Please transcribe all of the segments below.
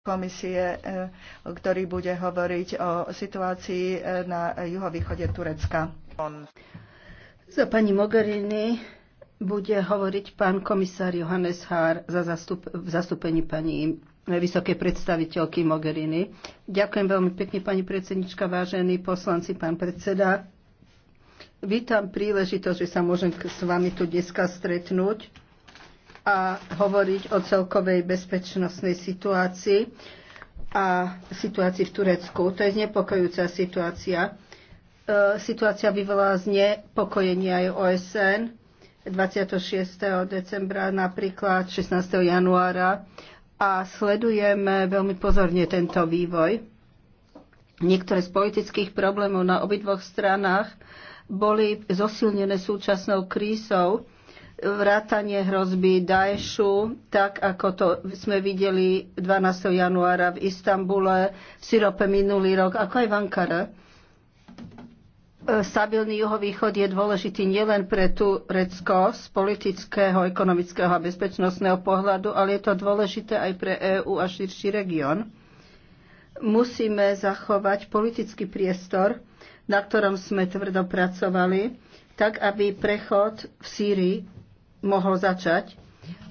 komisie, e, ktorý bude hovoriť o situácii e, na juhovýchode Turecka. Za pani Mogherini bude hovoriť pán komisár Johannes Hár za zastup, v zastúpení pani e, vysokej predstaviteľky Mogherini. Ďakujem veľmi pekne, pani predsednička, vážení poslanci, pán predseda. Vítam príležitosť, že sa môžem s vami tu dneska stretnúť a hovoriť o celkovej bezpečnostnej situácii a situácii v Turecku. To je znepokojúca situácia. E, situácia vyvolala znepokojenie aj OSN 26. decembra, napríklad 16. januára a sledujeme veľmi pozorne tento vývoj. Niektoré z politických problémov na obidvoch stranách boli zosilnené súčasnou krízou, vrátanie hrozby Daešu, tak ako to sme videli 12. januára v Istambule, v Syrope minulý rok, ako aj v Ankare. E, stabilný juhovýchod je dôležitý nielen pre Turecko z politického, ekonomického a bezpečnostného pohľadu, ale je to dôležité aj pre EÚ a širší región. Musíme zachovať politický priestor, na ktorom sme tvrdo pracovali, tak aby prechod v Sýrii mohol začať.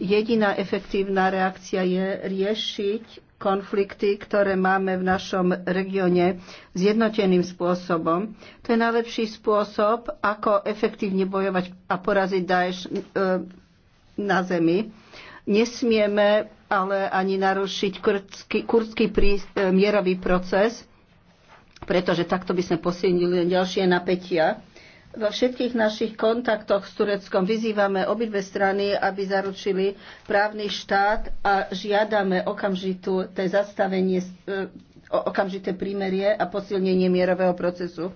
Jediná efektívna reakcia je riešiť konflikty, ktoré máme v našom regióne zjednoteným spôsobom. To je najlepší spôsob, ako efektívne bojovať a poraziť Daesh e, na zemi. Nesmieme ale ani narušiť kurdský, kurdský prí, e, mierový proces, pretože takto by sme posilnili ďalšie napätia. Vo všetkých našich kontaktoch s Tureckom vyzývame obidve strany, aby zaručili právny štát a žiadame okamžitú té zastavenie, e, okamžité prímerie a posilnenie mierového procesu.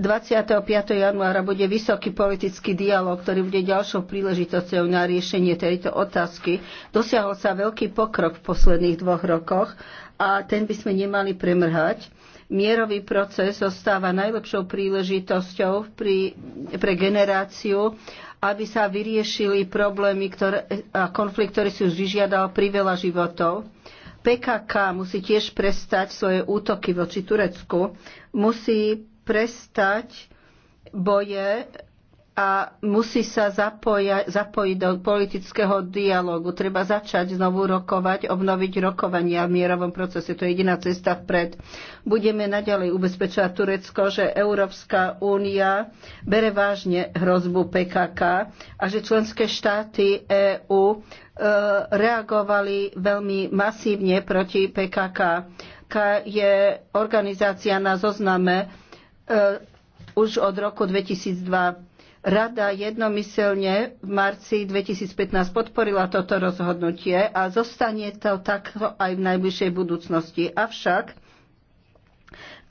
25. januára bude vysoký politický dialog, ktorý bude ďalšou príležitosťou na riešenie tejto otázky. Dosiahol sa veľký pokrok v posledných dvoch rokoch a ten by sme nemali premrhať. Mierový proces zostáva najlepšou príležitosťou pri, pre generáciu, aby sa vyriešili problémy ktoré, a konflikt, ktorý si už vyžiadal pri veľa životov. PKK musí tiež prestať svoje útoky voči Turecku, musí prestať boje a musí sa zapoja, zapojiť do politického dialogu. Treba začať znovu rokovať, obnoviť rokovania v mierovom procese. To je jediná cesta vpred. Budeme naďalej ubezpečovať Turecko, že Európska únia bere vážne hrozbu PKK a že členské štáty EÚ e, reagovali veľmi masívne proti PKK. K je organizácia na zozname e, už od roku 2002 Rada jednomyselne v marci 2015 podporila toto rozhodnutie a zostane to takto aj v najbližšej budúcnosti. Avšak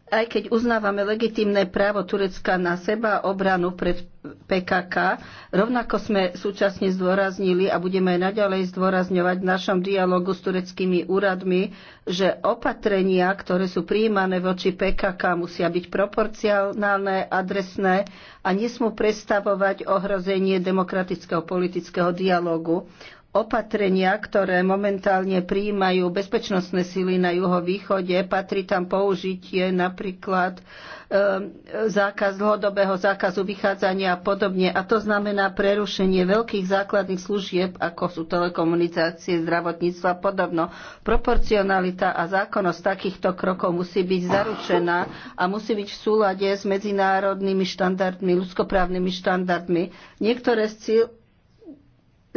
aj keď uznávame legitímne právo Turecka na seba obranu pred PKK, rovnako sme súčasne zdôraznili a budeme aj naďalej zdôrazňovať v našom dialogu s tureckými úradmi, že opatrenia, ktoré sú prijímané voči PKK, musia byť proporcionálne, adresné a nesmú predstavovať ohrozenie demokratického politického dialogu. Opatrenia, ktoré momentálne prijímajú bezpečnostné síly na juhovýchode, patrí tam použitie napríklad e, zákaz dlhodobého zákazu vychádzania a podobne. A to znamená prerušenie veľkých základných služieb, ako sú telekomunikácie, zdravotníctvo a podobno. Proporcionalita a zákonnosť takýchto krokov musí byť zaručená a musí byť v súlade s medzinárodnými štandardmi, ľudskoprávnymi štandardmi. Niektoré z cíl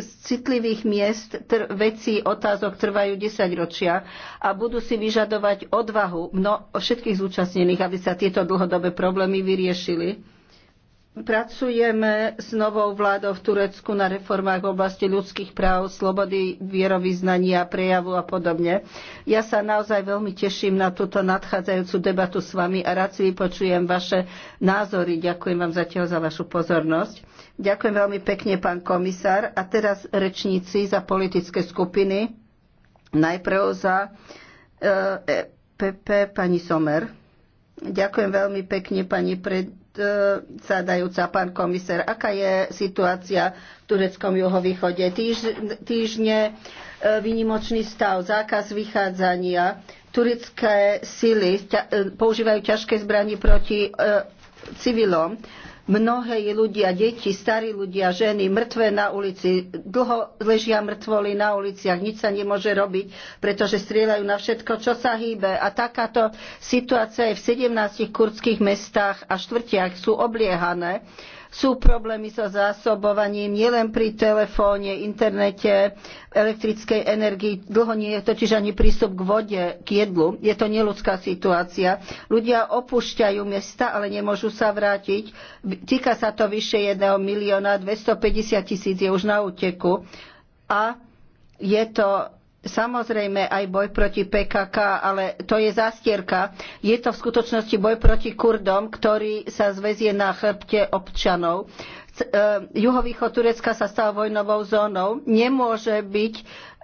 z citlivých miest tr- veci otázok trvajú 10 ročia a budú si vyžadovať odvahu mno- všetkých zúčastnených, aby sa tieto dlhodobé problémy vyriešili. Pracujeme s novou vládou v Turecku na reformách v oblasti ľudských práv, slobody, vierovýznania, prejavu a podobne. Ja sa naozaj veľmi teším na túto nadchádzajúcu debatu s vami a rád si vypočujem vaše názory. Ďakujem vám zatiaľ za vašu pozornosť. Ďakujem veľmi pekne, pán komisár. A teraz rečníci za politické skupiny. Najprv za PP. Eh, e pani Somer. Ďakujem veľmi pekne, pani predsadajúca, pán komisár. Aká je situácia v tureckom juhovýchode? Týž, týždne eh, vynimočný stav, zákaz vychádzania. Turecké sily používajú ťažké zbranie proti eh, civilom Mnohé ľudia, deti, starí ľudia, ženy, mŕtve na ulici, dlho ležia mŕtvoli na uliciach, nič sa nemôže robiť, pretože strieľajú na všetko, čo sa hýbe. A takáto situácia je v 17 kurdských mestách a štvrtiach sú obliehané. Sú problémy so zásobovaním nielen pri telefóne, internete, elektrickej energii. Dlho nie je totiž ani prístup k vode, k jedlu. Je to neludská situácia. Ľudia opúšťajú mesta, ale nemôžu sa vrátiť. Týka sa to vyše 1 milióna, 250 tisíc je už na úteku. A je to Samozrejme aj boj proti PKK, ale to je zastierka. Je to v skutočnosti boj proti Kurdom, ktorý sa zväzie na chrbte občanov. E, juhovýchod Turecka sa stal vojnovou zónou. Nemôže byť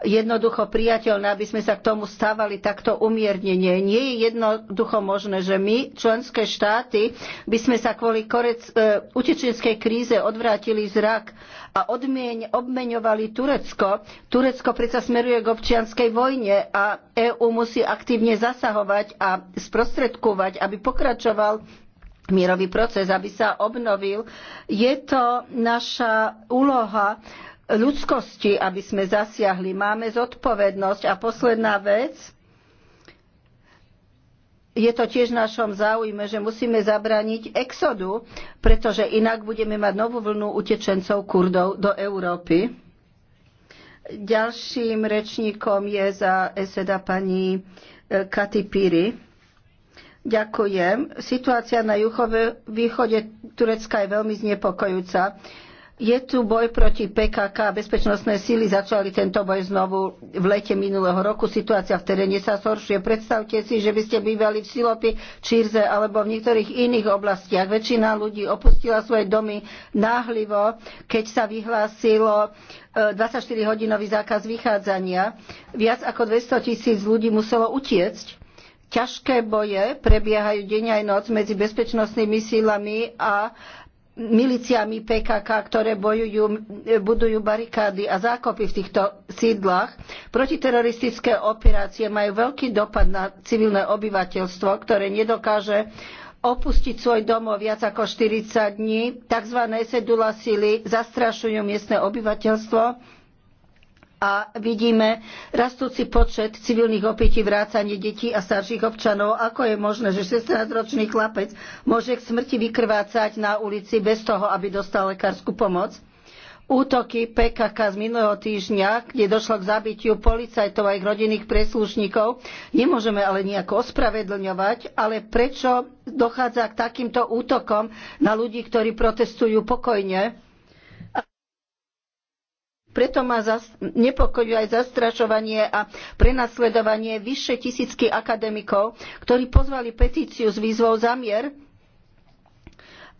jednoducho priateľné, aby sme sa k tomu stávali takto umiernenie. Nie je jednoducho možné, že my, členské štáty, by sme sa kvôli korec, e, utečenskej kríze odvrátili zrak a odmieň, obmeňovali Turecko. Turecko predsa smeruje k občianskej vojne a EÚ musí aktívne zasahovať a sprostredkovať, aby pokračoval mierový proces, aby sa obnovil. Je to naša úloha ľudskosti, aby sme zasiahli. Máme zodpovednosť. A posledná vec, je to tiež v našom záujme, že musíme zabrániť exodu, pretože inak budeme mať novú vlnu utečencov Kurdov do Európy. Ďalším rečníkom je za eseda pani eh, Katy Piri. Ďakujem. Situácia na juhovýchode východe Turecka je veľmi znepokojúca. Je tu boj proti PKK. Bezpečnostné síly začali tento boj znovu v lete minulého roku. Situácia v teréne sa zhoršuje. Predstavte si, že by ste bývali v Silopi, Čírze alebo v niektorých iných oblastiach. Väčšina ľudí opustila svoje domy náhlivo, keď sa vyhlásilo 24-hodinový e, zákaz vychádzania. Viac ako 200 tisíc ľudí muselo utiecť Ťažké boje prebiehajú deň aj noc medzi bezpečnostnými sílami a miliciami PKK, ktoré bojujú, budujú barikády a zákopy v týchto sídlach. Protiteroristické operácie majú veľký dopad na civilné obyvateľstvo, ktoré nedokáže opustiť svoj domov viac ako 40 dní. Takzvané sedula sily zastrašujú miestne obyvateľstvo a vidíme rastúci počet civilných opätí vrácanie detí a starších občanov. Ako je možné, že 16-ročný chlapec môže k smrti vykrvácať na ulici bez toho, aby dostal lekárskú pomoc? Útoky PKK z minulého týždňa, kde došlo k zabitiu policajtov a ich rodinných príslušníkov, nemôžeme ale nejako ospravedlňovať, ale prečo dochádza k takýmto útokom na ľudí, ktorí protestujú pokojne? Preto ma nepokojuje aj zastrašovanie a prenasledovanie vyššie tisícky akademikov, ktorí pozvali petíciu s výzvou zamier,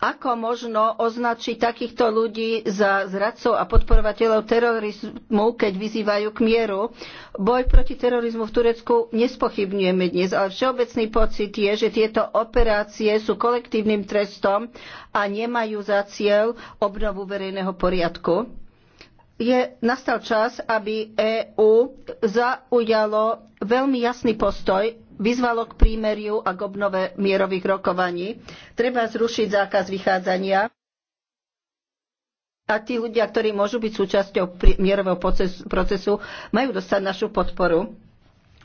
ako možno označiť takýchto ľudí za zradcov a podporovateľov terorizmu, keď vyzývajú k mieru? Boj proti terorizmu v Turecku nespochybňujeme dnes, ale všeobecný pocit je, že tieto operácie sú kolektívnym trestom a nemajú za cieľ obnovu verejného poriadku je, nastal čas, aby EÚ zaujalo veľmi jasný postoj, vyzvalo k prímeriu a k obnove mierových rokovaní. Treba zrušiť zákaz vychádzania a tí ľudia, ktorí môžu byť súčasťou mierového procesu, majú dostať našu podporu.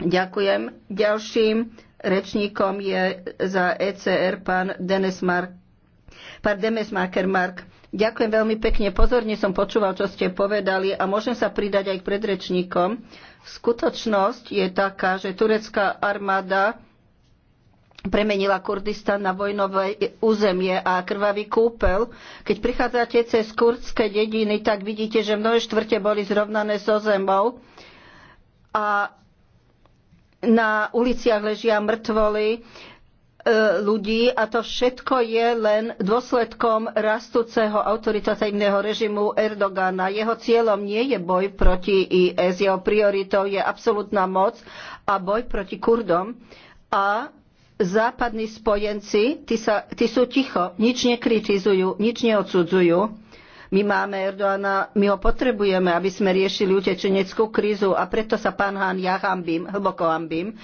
Ďakujem. Ďalším rečníkom je za ECR pán Denes Mark, pán Demes Marker Mark. Ďakujem veľmi pekne. Pozorne som počúval, čo ste povedali a môžem sa pridať aj k predrečníkom. Skutočnosť je taká, že turecká armáda premenila Kurdistan na vojnové územie a krvavý kúpel. Keď prichádzate cez kurdské dediny, tak vidíte, že mnohé štvrte boli zrovnané so zemou a na uliciach ležia mŕtvoly E, ľudí a to všetko je len dôsledkom rastúceho autoritatívneho režimu Erdogana. Jeho cieľom nie je boj proti IS, jeho prioritou je absolútna moc a boj proti Kurdom a západní spojenci, tí, sa, tí sú ticho, nič nekritizujú, nič neodsudzujú. My máme Erdoána, my ho potrebujeme, aby sme riešili utečeneckú krízu a preto sa pán Hán, ja hambím, hlboko hambím,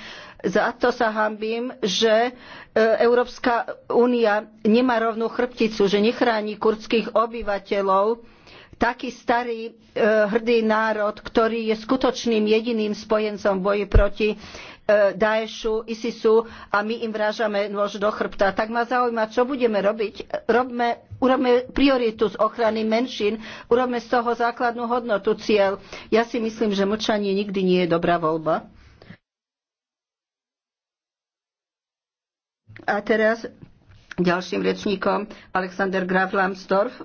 za to sa hambím, že e, Európska únia nemá rovnú chrbticu, že nechráni kurdských obyvateľov, taký starý e, hrdý národ, ktorý je skutočným jediným spojencom v boji proti e, Daešu, ISISu a my im vrážame nôž do chrbta. Tak ma zaujíma, čo budeme robiť. Robme, urobme prioritu z ochrany menšín, urobme z toho základnú hodnotu cieľ. Ja si myslím, že mlčanie nikdy nie je dobrá voľba. A teraz ďalším rečníkom Alexander Graf Lambsdorff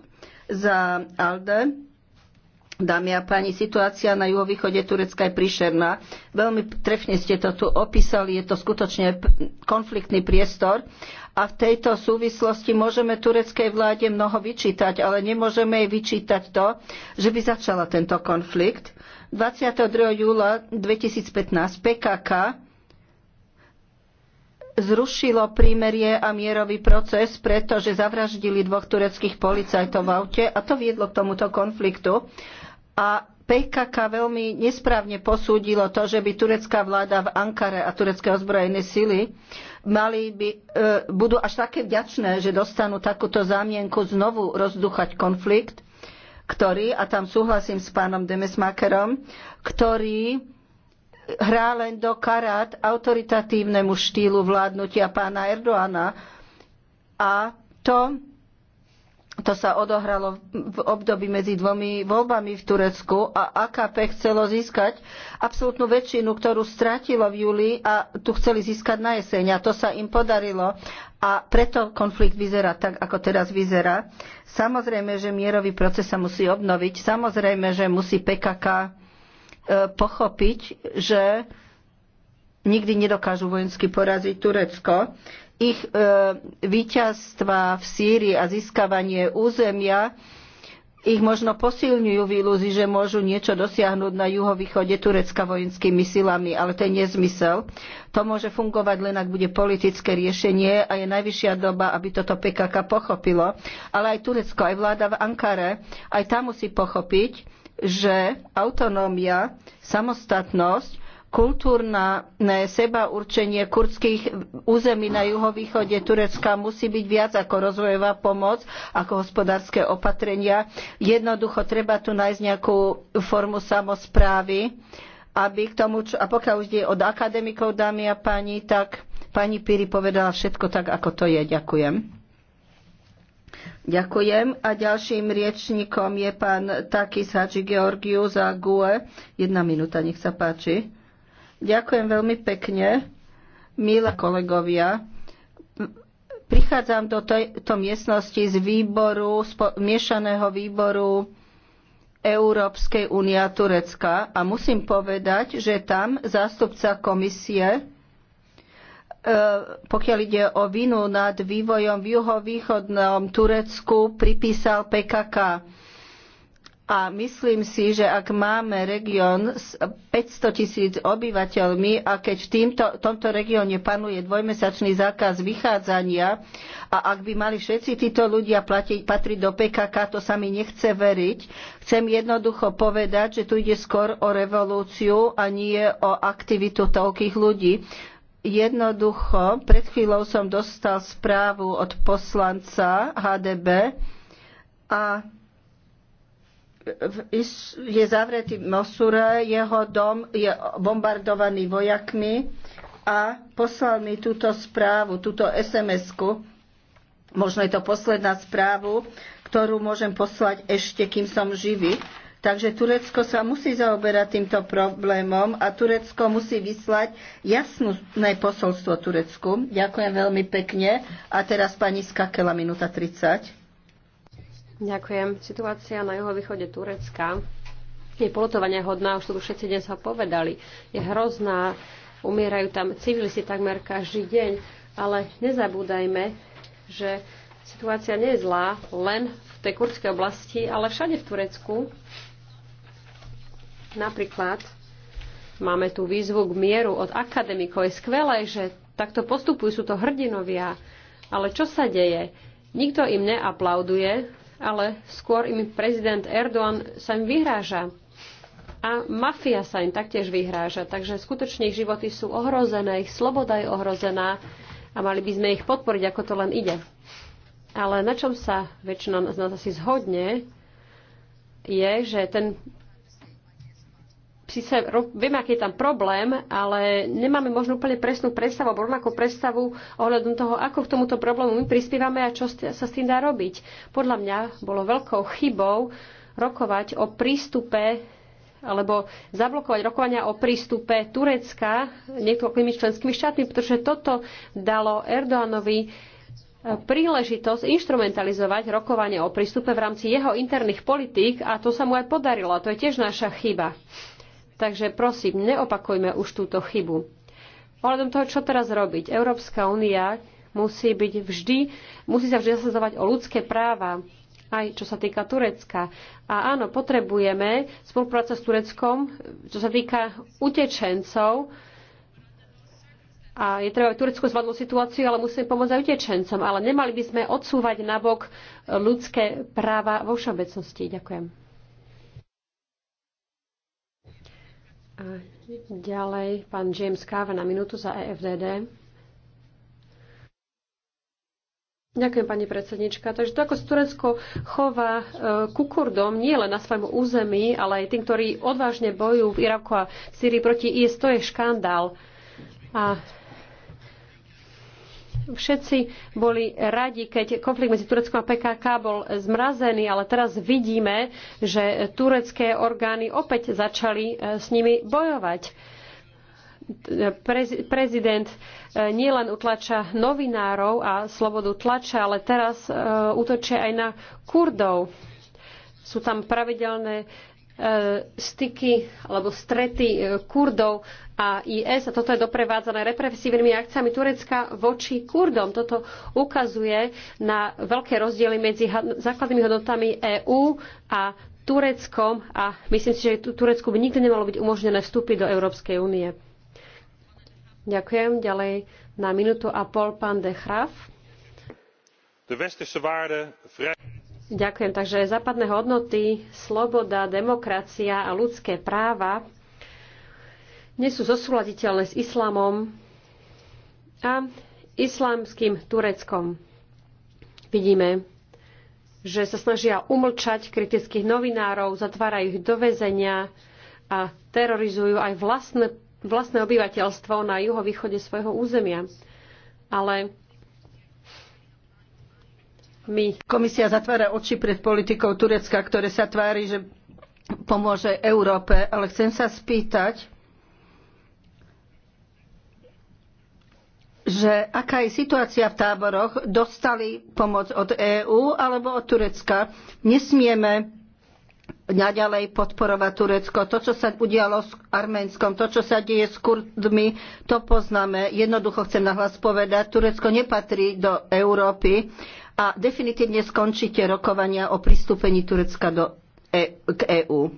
za ALDE. Dámy a páni, situácia na juhovýchode Turecka je príšerná. Veľmi trefne ste to tu opísali, je to skutočne konfliktný priestor a v tejto súvislosti môžeme tureckej vláde mnoho vyčítať, ale nemôžeme jej vyčítať to, že by začala tento konflikt. 22. júla 2015 PKK zrušilo prímerie a mierový proces, pretože zavraždili dvoch tureckých policajtov v aute a to viedlo k tomuto konfliktu. A PKK veľmi nesprávne posúdilo to, že by turecká vláda v Ankare a turecké ozbrojené sily mali by, e, budú až také vďačné, že dostanú takúto zámienku znovu rozduchať konflikt, ktorý, a tam súhlasím s pánom Demesmakerom, ktorý hrá len do karát autoritatívnemu štýlu vládnutia pána Erdoána. A to, to sa odohralo v období medzi dvomi voľbami v Turecku a AKP chcelo získať absolútnu väčšinu, ktorú stratilo v júli a tu chceli získať na jeseň. A to sa im podarilo a preto konflikt vyzerá tak, ako teraz vyzerá. Samozrejme, že mierový proces sa musí obnoviť. Samozrejme, že musí PKK E, pochopiť, že nikdy nedokážu vojensky poraziť Turecko. Ich e, víťazstva v Sýrii a získavanie územia ich možno posilňujú v ilúzii, že môžu niečo dosiahnuť na juhovýchode Turecka vojenskými silami, ale to je nezmysel. To môže fungovať len ak bude politické riešenie a je najvyššia doba, aby toto PKK pochopilo. Ale aj Turecko, aj vláda v Ankare, aj tá musí pochopiť, že autonómia, samostatnosť, kultúrne seba určenie kurdských území na juhovýchode Turecka musí byť viac ako rozvojová pomoc, ako hospodárske opatrenia. Jednoducho treba tu nájsť nejakú formu samosprávy, aby k tomu, a pokiaľ už je od akademikov, dámy a páni, tak pani Piri povedala všetko tak, ako to je. Ďakujem. Ďakujem. A ďalším riečníkom je pán Takis Hadži Georgiu za GUE. Jedna minúta, nech sa páči. Ďakujem veľmi pekne. Milé kolegovia, prichádzam do tejto miestnosti z výboru, spo, miešaného výboru Európskej únia Turecka a musím povedať, že tam zástupca komisie E, pokiaľ ide o vinu nad vývojom v juhovýchodnom Turecku, pripísal PKK. A myslím si, že ak máme región s 500 tisíc obyvateľmi a keď v týmto, tomto regióne panuje dvojmesačný zákaz vychádzania a ak by mali všetci títo ľudia platiť, patriť do PKK, to sa mi nechce veriť. Chcem jednoducho povedať, že tu ide skôr o revolúciu a nie o aktivitu toľkých ľudí. Jednoducho, pred chvíľou som dostal správu od poslanca HDB a je zavretý Mosure, jeho dom je bombardovaný vojakmi a poslal mi túto správu, túto SMS-ku. Možno je to posledná správu, ktorú môžem poslať ešte, kým som živý. Takže Turecko sa musí zaoberať týmto problémom a Turecko musí vyslať jasné posolstvo Turecku. Ďakujem veľmi pekne. A teraz pani Skakela, minúta 30. Ďakujem. Situácia na juhovýchode Turecka je polotovania hodná, už to tu všetci dnes ho povedali. Je hrozná, umierajú tam civilisti takmer každý deň, ale nezabúdajme, že situácia nie je zlá len v tej kurdskej oblasti, ale všade v Turecku Napríklad máme tu výzvu k mieru od akademikov. Je skvelé, že takto postupujú, sú to hrdinovia. Ale čo sa deje? Nikto im neaplauduje, ale skôr im prezident Erdogan sa im vyhráža. A mafia sa im taktiež vyhráža. Takže skutočne ich životy sú ohrozené, ich sloboda je ohrozená a mali by sme ich podporiť, ako to len ide. Ale na čom sa väčšina z nás asi zhodne, je, že ten síce viem, aký je tam problém, ale nemáme možno úplne presnú predstavu, alebo rovnakú predstavu ohľadom toho, ako k tomuto problému my prispievame a čo sa s tým dá robiť. Podľa mňa bolo veľkou chybou rokovať o prístupe alebo zablokovať rokovania o prístupe Turecka niekoľkými členskými štátmi, pretože toto dalo Erdoánovi eh, príležitosť instrumentalizovať rokovanie o prístupe v rámci jeho interných politík a to sa mu aj podarilo. A to je tiež naša chyba. Takže prosím, neopakujme už túto chybu. Ohľadom toho, čo teraz robiť, Európska únia musí byť vždy, musí sa vždy zasadzovať o ľudské práva, aj čo sa týka Turecka. A áno, potrebujeme spolupráca s Tureckom, čo sa týka utečencov, a je treba Turecko zvládnuť situáciu, ale musíme pomôcť aj utečencom. Ale nemali by sme odsúvať nabok ľudské práva vo všeobecnosti. Ďakujem. A ďalej pán James Káva na minútu za EFDD. Ďakujem, pani predsednička. Takže to, ako sa Turecko chová e, ku Kurdom, nie len na svojom území, ale aj tým, ktorí odvážne bojujú v Iraku a Syrii proti IS, to je škandál. A Všetci boli radi, keď konflikt medzi Tureckom a PKK bol zmrazený, ale teraz vidíme, že turecké orgány opäť začali e, s nimi bojovať prezident e, nielen utlača novinárov a slobodu tlača, ale teraz e, útočia aj na Kurdov. Sú tam pravidelné E, styky alebo strety e, Kurdov a IS a toto je doprevádzané represívnymi akciami Turecka voči Kurdom. Toto ukazuje na veľké rozdiely medzi základnými hodnotami EÚ a Tureckom a myslím si, že Turecku by nikdy nemalo byť umožnené vstúpiť do Európskej únie. Ďakujem. Ďalej na minútu a pol pán De Graaf. De westerse waarden vrij Ďakujem. Takže západné hodnoty, sloboda, demokracia a ľudské práva nie sú zosúladiteľné s islamom a islamským Tureckom. Vidíme, že sa snažia umlčať kritických novinárov, zatvárajú ich do väzenia a terorizujú aj vlastné, vlastné obyvateľstvo na juhovýchode svojho územia. Ale my. Komisia zatvára oči pred politikou Turecka, ktoré sa tvári, že pomôže Európe, ale chcem sa spýtať, že aká je situácia v táboroch, dostali pomoc od EÚ alebo od Turecka. Nesmieme naďalej podporovať Turecko. To, čo sa udialo s Arménskom, to, čo sa deje s Kurdmi, to poznáme. Jednoducho chcem nahlas povedať, Turecko nepatrí do Európy a definitívne skončíte rokovania o pristúpení Turecka do e- k EÚ.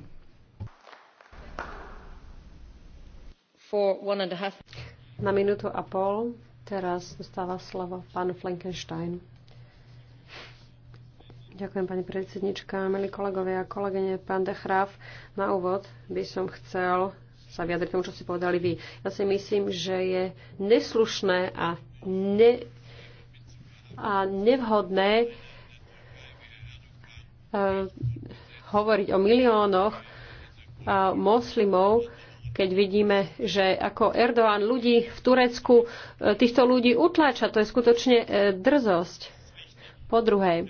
Na minútu a pol teraz dostáva slovo pán Flankenstein. Ďakujem, pani predsednička. Milí kolegovia a kolegyne, pán de Hraf, na úvod by som chcel sa vyjadriť tomu, čo ste povedali vy. Ja si myslím, že je neslušné a ne, a nevhodné e, hovoriť o miliónoch e, moslimov, keď vidíme, že ako Erdoğan ľudí v Turecku, e, týchto ľudí utláča. To je skutočne drzosť. Po druhé,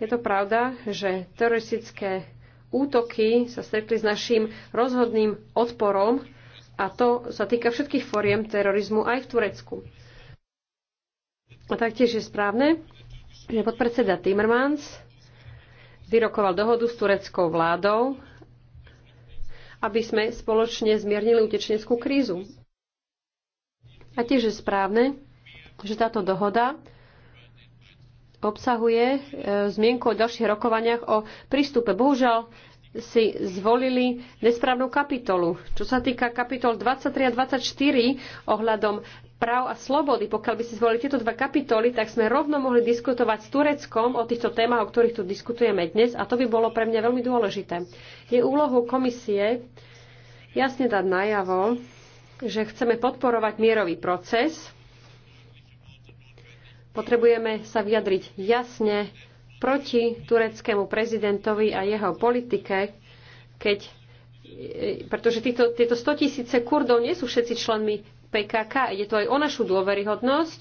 je to pravda, že teroristické útoky sa stretli s našim rozhodným odporom a to sa týka všetkých foriem terorizmu aj v Turecku. A taktiež je správne, že podpredseda Timmermans vyrokoval dohodu s tureckou vládou, aby sme spoločne zmiernili utečeneckú krízu. A tiež je správne, že táto dohoda obsahuje e, zmienku o ďalších rokovaniach o prístupe. Bohužiaľ si zvolili nesprávnu kapitolu. Čo sa týka kapitol 23 a 24 ohľadom práv a slobody. Pokiaľ by ste zvolili tieto dva kapitoly, tak sme rovno mohli diskutovať s Tureckom o týchto témach, o ktorých tu diskutujeme dnes a to by bolo pre mňa veľmi dôležité. Je úlohou komisie jasne dať najavo, že chceme podporovať mierový proces. Potrebujeme sa vyjadriť jasne proti tureckému prezidentovi a jeho politike, keď e, e, pretože tieto 100 tisíce Kurdov nie sú všetci členmi PKK. Ide tu aj o našu dôveryhodnosť,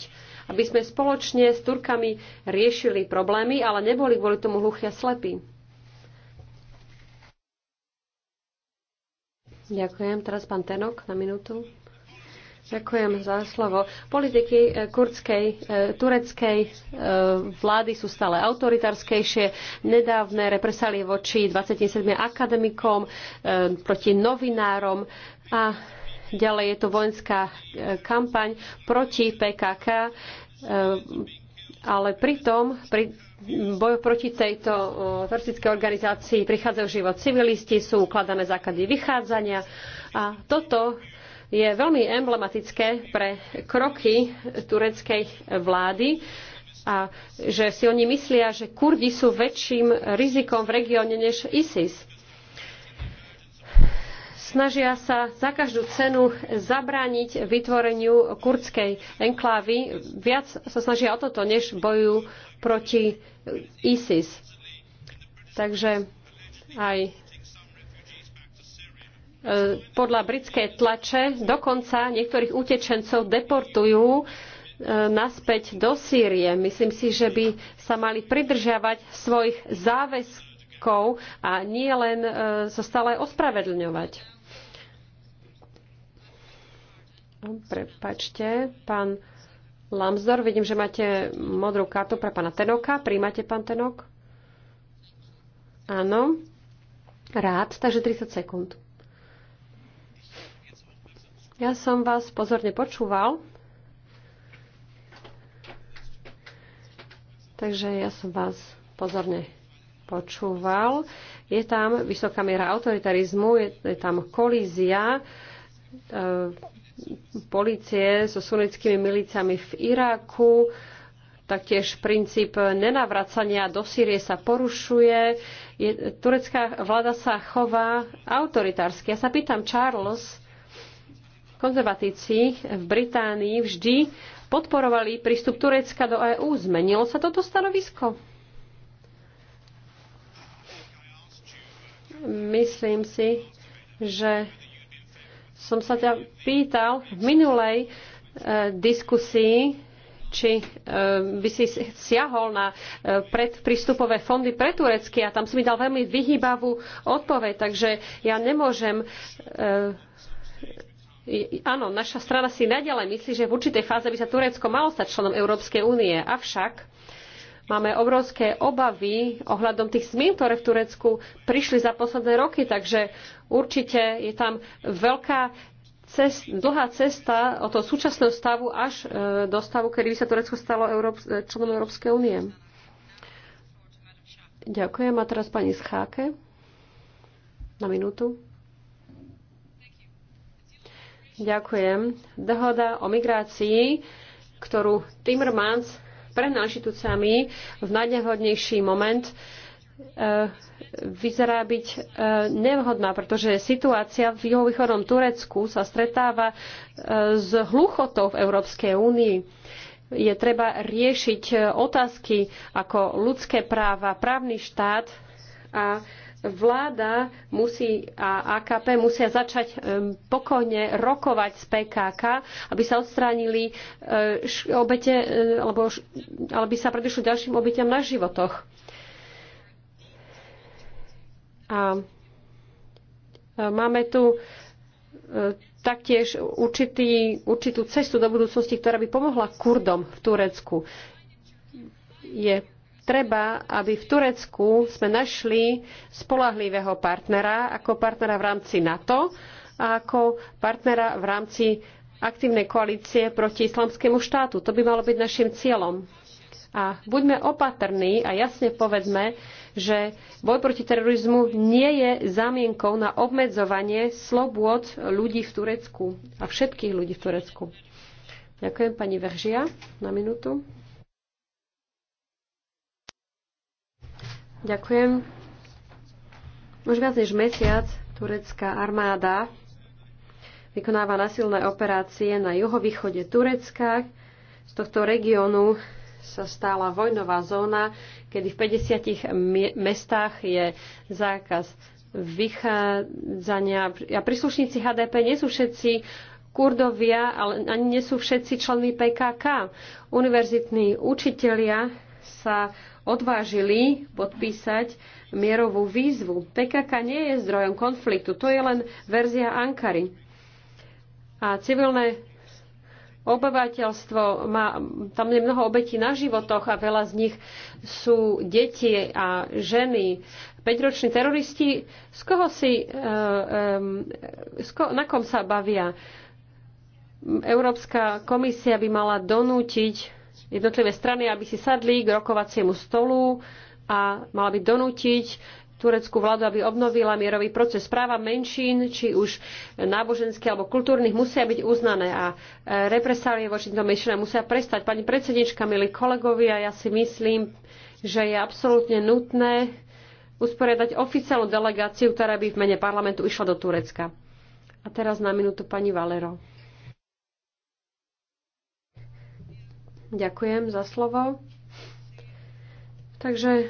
aby sme spoločne s Turkami riešili problémy, ale neboli kvôli tomu a slepí. Ďakujem. Teraz pán Tenok na minútu. Ďakujem za slovo. Politiky eh, kurdskej, eh, tureckej eh, vlády sú stále autoritárskejšie. Nedávne represálie voči 27 akademikom, proti novinárom a Ďalej je tu vojenská e, kampaň proti PKK, e, ale pritom pri boju proti tejto e, teroristickej organizácii prichádzajú život civilisti, sú ukladané základy vychádzania a toto je veľmi emblematické pre kroky tureckej vlády, a že si oni myslia, že Kurdi sú väčším rizikom v regióne než ISIS snažia sa za každú cenu zabrániť vytvoreniu kurdskej enklávy. Viac sa snažia o toto, než bojujú proti ISIS. Takže aj e, podľa britskej tlače dokonca niektorých utečencov deportujú e, naspäť do Sýrie. Myslím si, že by sa mali pridržiavať svojich záväzkov a nie len e, sa stále ospravedlňovať. Prepačte, pán Lamzor, vidím, že máte modrú kartu pre pána Tenoka. Príjmate pán Tenok? Áno. Rád, takže 30 sekúnd. Ja som vás pozorne počúval. Takže ja som vás pozorne počúval. Je tam vysoká miera autoritarizmu, je, je tam kolízia e, policie so sunnickými milicami v Iráku. Taktiež princíp nenavracania do Sýrie sa porušuje. Je, turecká vláda sa chová autoritársky. Ja sa pýtam, Charles, konzervatíci v Británii vždy podporovali prístup Turecka do EÚ. Zmenilo sa toto stanovisko? Myslím si, že som sa ťa pýtal v minulej e, diskusii, či e, by si siahol na e, predprístupové fondy pre Turecky a tam si mi dal veľmi vyhýbavú odpoveď, takže ja nemôžem. E, áno, naša strana si nadalej myslí, že v určitej fáze by sa Turecko malo stať členom Európskej únie, avšak Máme obrovské obavy ohľadom tých zmien, ktoré v Turecku prišli za posledné roky, takže určite je tam veľká cest, dlhá cesta od toho súčasného stavu až e, do stavu, kedy by sa Turecko stalo Európ- e, členom Európskej únie. Ďakujem. A teraz pani Scháke na minútu. Ďakujem. Dohoda o migrácii, ktorú Timmermans pred v najnevhodnejší moment e, vyzerá byť e, nevhodná, pretože situácia v juhovýchodnom Turecku sa stretáva e, s hluchotou v Európskej únii je treba riešiť otázky ako ľudské práva, právny štát a vláda musí a AKP musia začať pokojne rokovať s PKK, aby sa odstránili e, obete, e, alebo aby sa predišlo ďalším obetiam na životoch. A e, máme tu taktiež určitý, určitú cestu do budúcnosti, ktorá by pomohla Kurdom v Turecku. Je treba, aby v Turecku sme našli spolahlivého partnera, ako partnera v rámci NATO a ako partnera v rámci aktívnej koalície proti islamskému štátu. To by malo byť našim cieľom. A buďme opatrní a jasne povedzme, že boj proti terorizmu nie je zámienkou na obmedzovanie slobôd ľudí v Turecku a všetkých ľudí v Turecku. Ďakujem pani Veržia na minútu. Ďakujem. Už viac než mesiac turecká armáda vykonáva nasilné operácie na juhovýchode Turecka. Z tohto regiónu sa stála vojnová zóna, kedy v 50 mestách je zákaz vychádzania. A príslušníci HDP nie sú všetci kurdovia, ale ani nie sú všetci členmi PKK. Univerzitní učitelia sa odvážili podpísať mierovú výzvu. PKK nie je zdrojom konfliktu, to je len verzia Ankary. A civilné obyvateľstvo má, tam je mnoho obetí na životoch a veľa z nich sú deti a ženy. Peťroční teroristi, z koho si, e, e, na kom sa bavia? Európska komisia by mala donútiť jednotlivé strany, aby si sadli k rokovaciemu stolu a mala by donútiť tureckú vládu, aby obnovila mierový proces. Práva menšín, či už náboženských alebo kultúrnych, musia byť uznané a e, represálie voči týmto menšinám musia prestať. Pani predsednička, milí kolegovia, ja si myslím, že je absolútne nutné usporiadať oficiálnu delegáciu, ktorá by v mene parlamentu išla do Turecka. A teraz na minútu pani Valero. Ďakujem za slovo. Takže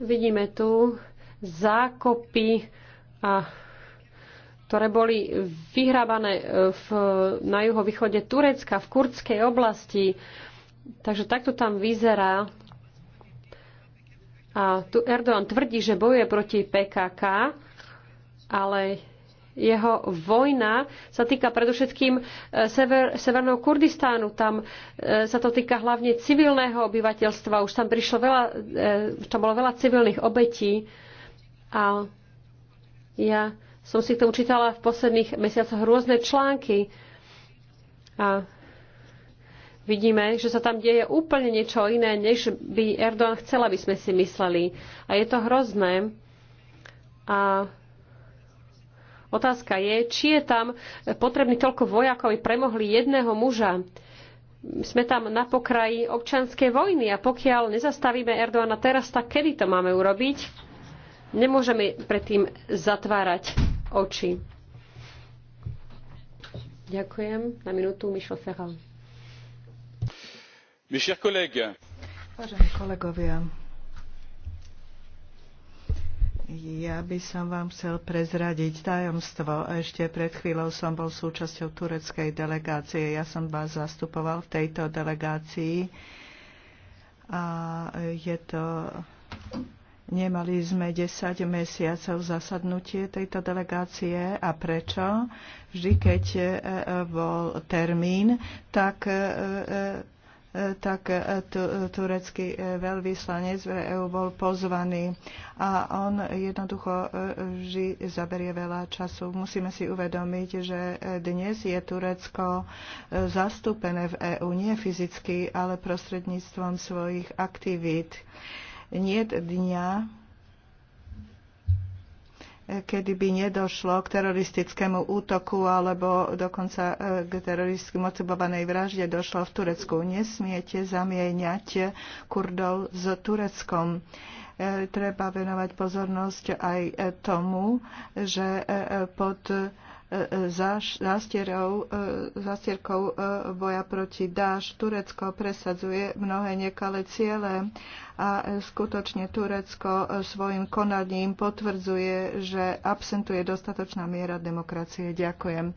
vidíme tu zákopy, a, ktoré boli vyhrábané e, v, na juhovýchode Turecka, v kurdskej oblasti. Takže takto tam vyzerá. A tu Erdogan tvrdí, že bojuje proti PKK, ale jeho vojna sa týka predovšetkým e, sever, Severného Kurdistánu. Tam e, sa to týka hlavne civilného obyvateľstva. Už tam, prišlo veľa, e, tam bolo veľa civilných obetí. A ja som si to učítala v posledných mesiacoch rôzne články. A vidíme, že sa tam deje úplne niečo iné, než by Erdogan chcel, aby sme si mysleli. A je to hrozné. A Otázka je, či je tam potrebný toľko vojakov, aby premohli jedného muža. Sme tam na pokraji občanskej vojny a pokiaľ nezastavíme Erdoána teraz, tak kedy to máme urobiť? Nemôžeme predtým zatvárať oči. Ďakujem. Na minútu Michel Ferrand. Vážení kolegovia, ja by som vám chcel prezradiť tajomstvo. Ešte pred chvíľou som bol súčasťou tureckej delegácie. Ja som vás zastupoval v tejto delegácii. A je to... Nemali sme 10 mesiacov zasadnutie tejto delegácie a prečo? Vždy, keď e, e, bol termín, tak e, tak e, e, turecký e, veľvyslanec v EU bol pozvaný a on jednoducho vždy zaberie veľa času. Musíme si uvedomiť, že dnes je Turecko zastúpené v EU, nie fyzicky, ale prostredníctvom svojich aktivít. Nie dňa, kedy by nedošlo k teroristickému útoku alebo dokonca e, k teroristicky motivovanej vražde došlo v Turecku. Nesmiete zamieňať Kurdov s Tureckom. E, treba venovať pozornosť aj e, tomu, že pod zástierkou e, e, boja proti Dáš. Turecko presadzuje mnohé nekalé ciele a e, skutočne Turecko svojim konaním potvrdzuje, že absentuje dostatočná miera demokracie. Ďakujem.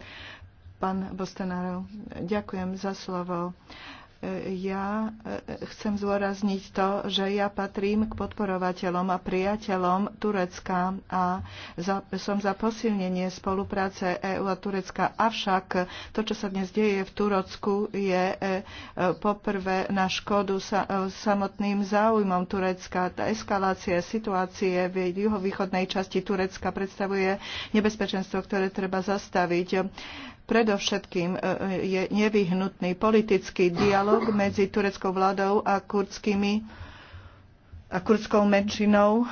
Pán Bostenárov, ďakujem za slovo ja e, chcem zdôrazniť to, že ja patrím k podporovateľom a priateľom Turecka a za, som za posilnenie spolupráce EÚ a Turecka. Avšak to, čo sa dnes deje v Turecku, je e, poprvé na škodu sa, e, samotným záujmom Turecka. Tá eskalácia situácie v juhovýchodnej časti Turecka predstavuje nebezpečenstvo, ktoré treba zastaviť. Predovšetkým e, e, je nevyhnutný politický dialog medzi tureckou vládou a kurdskými a kurdskou menšinou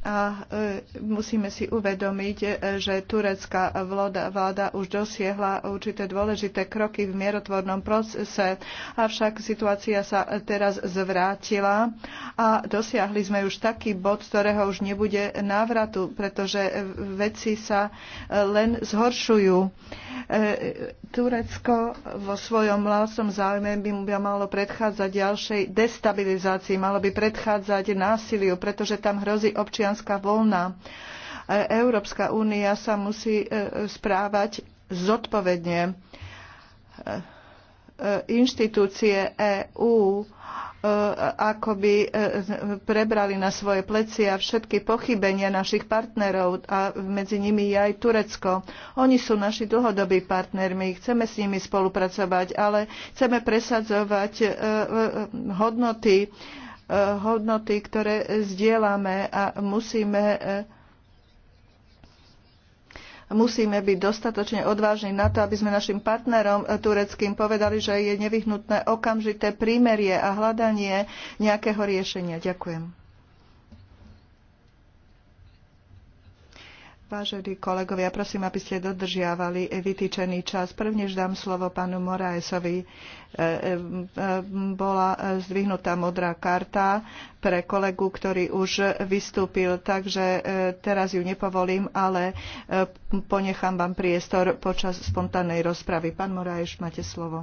a e, musíme si uvedomiť, e, že turecká vláda, vláda už dosiahla určité dôležité kroky v mierotvornom procese, avšak situácia sa teraz zvrátila a dosiahli sme už taký bod, z ktorého už nebude návratu, pretože veci sa e, len zhoršujú. Turecko vo svojom vlastnom záujme by mu malo predchádzať ďalšej destabilizácii, malo by predchádzať násiliu, pretože tam hrozí občian občianská voľna. E, Európska únia sa musí e, správať zodpovedne. E, inštitúcie EÚ akoby prebrali na svoje plecia všetky pochybenia našich partnerov a medzi nimi je aj Turecko. Oni sú naši dlhodobí partnermi, chceme s nimi spolupracovať, ale chceme presadzovať hodnoty Eh, hodnoty, ktoré zdieľame a musíme eh, musíme byť dostatočne odvážni na to, aby sme našim partnerom eh, tureckým povedali, že je nevyhnutné okamžité prímerie a hľadanie nejakého riešenia. Ďakujem. Vážení kolegovia, prosím, aby ste dodržiavali vytýčený čas. Prvnež dám slovo pánu Moraesovi. E, e, bola zdvihnutá modrá karta pre kolegu, ktorý už vystúpil, takže e, teraz ju nepovolím, ale ponechám vám priestor počas spontánnej rozpravy. Pán Moraes, máte slovo.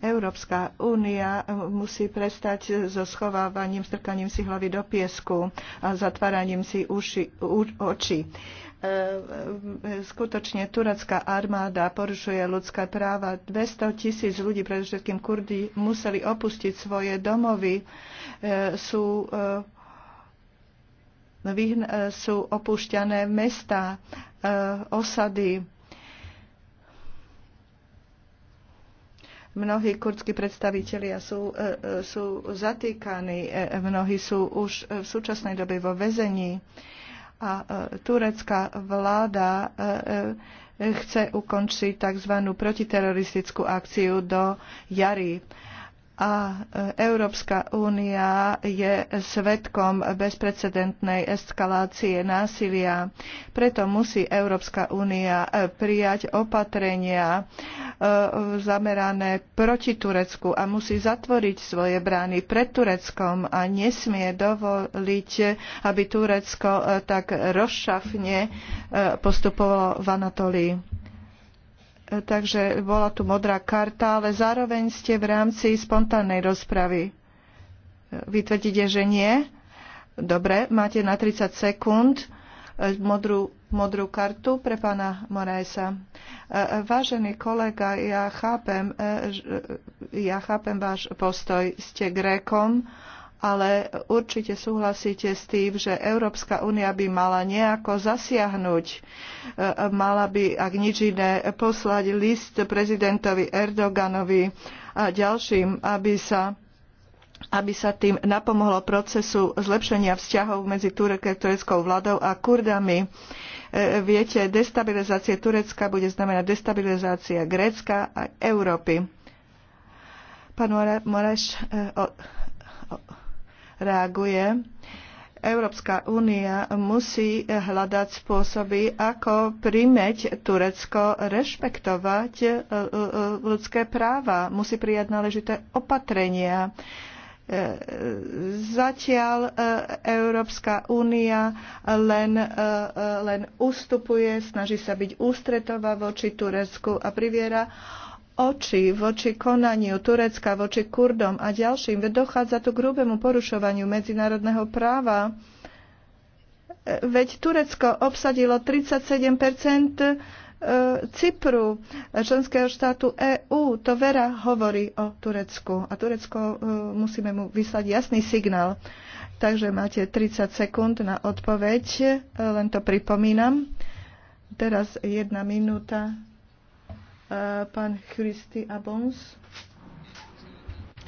Európska únia musí prestať so schovávaním, strkaním si hlavy do piesku a zatváraním si uši, u, oči e, e, skutočne turecká armáda porušuje ľudské práva. 200 tisíc ľudí, predovšetkým Kurdi, museli opustiť svoje domovy. E, sú, sú opúšťané mesta, osady Mnohí kurdskí predstavitelia sú, e, e, sú zatýkaní, e, mnohí sú už v súčasnej dobe vo vezení, a turecká vláda chce ukončiť tzv. protiteroristickú akciu do jary a e, Európska únia je svetkom bezprecedentnej eskalácie násilia. Preto musí Európska únia e, prijať opatrenia e, zamerané proti Turecku a musí zatvoriť svoje brány pred Tureckom a nesmie dovoliť, aby Turecko tak rozšafne postupovalo v Anatolii takže bola tu modrá karta, ale zároveň ste v rámci spontánnej rozpravy. Vy tvrdíte, že nie? Dobre, máte na 30 sekúnd e, modrú, modrú kartu pre pána Moraesa. E, vážený kolega, ja chápem, e, ja chápem váš postoj. Ste Grékom ale určite súhlasíte s tým, že Európska únia by mala nejako zasiahnuť. E, mala by, ak nič iné, poslať list prezidentovi Erdoganovi a ďalším, aby sa aby sa tým napomohlo procesu zlepšenia vzťahov medzi tureckou vládou a Kurdami. E, viete, destabilizácia Turecka bude znamenať destabilizácia Grécka a Európy. Pán Moraš, e, o, o, reaguje. Európska únia musí hľadať spôsoby, ako primeť Turecko rešpektovať e, e, e, ľudské práva. Musí prijať náležité opatrenia. Zatiaľ Európska únia len, len ustupuje, snaží sa byť ústretová voči Turecku a priviera oči voči konaniu Turecka, voči Kurdom a ďalším. Veď dochádza tu k hrubému porušovaniu medzinárodného práva. Veď Turecko obsadilo 37 e, Cypru, členského štátu EÚ. To Vera hovorí o Turecku. A Turecko e, musíme mu vyslať jasný signál. Takže máte 30 sekúnd na odpoveď. E, len to pripomínam. Teraz jedna minúta Eh, pán Christy Abons.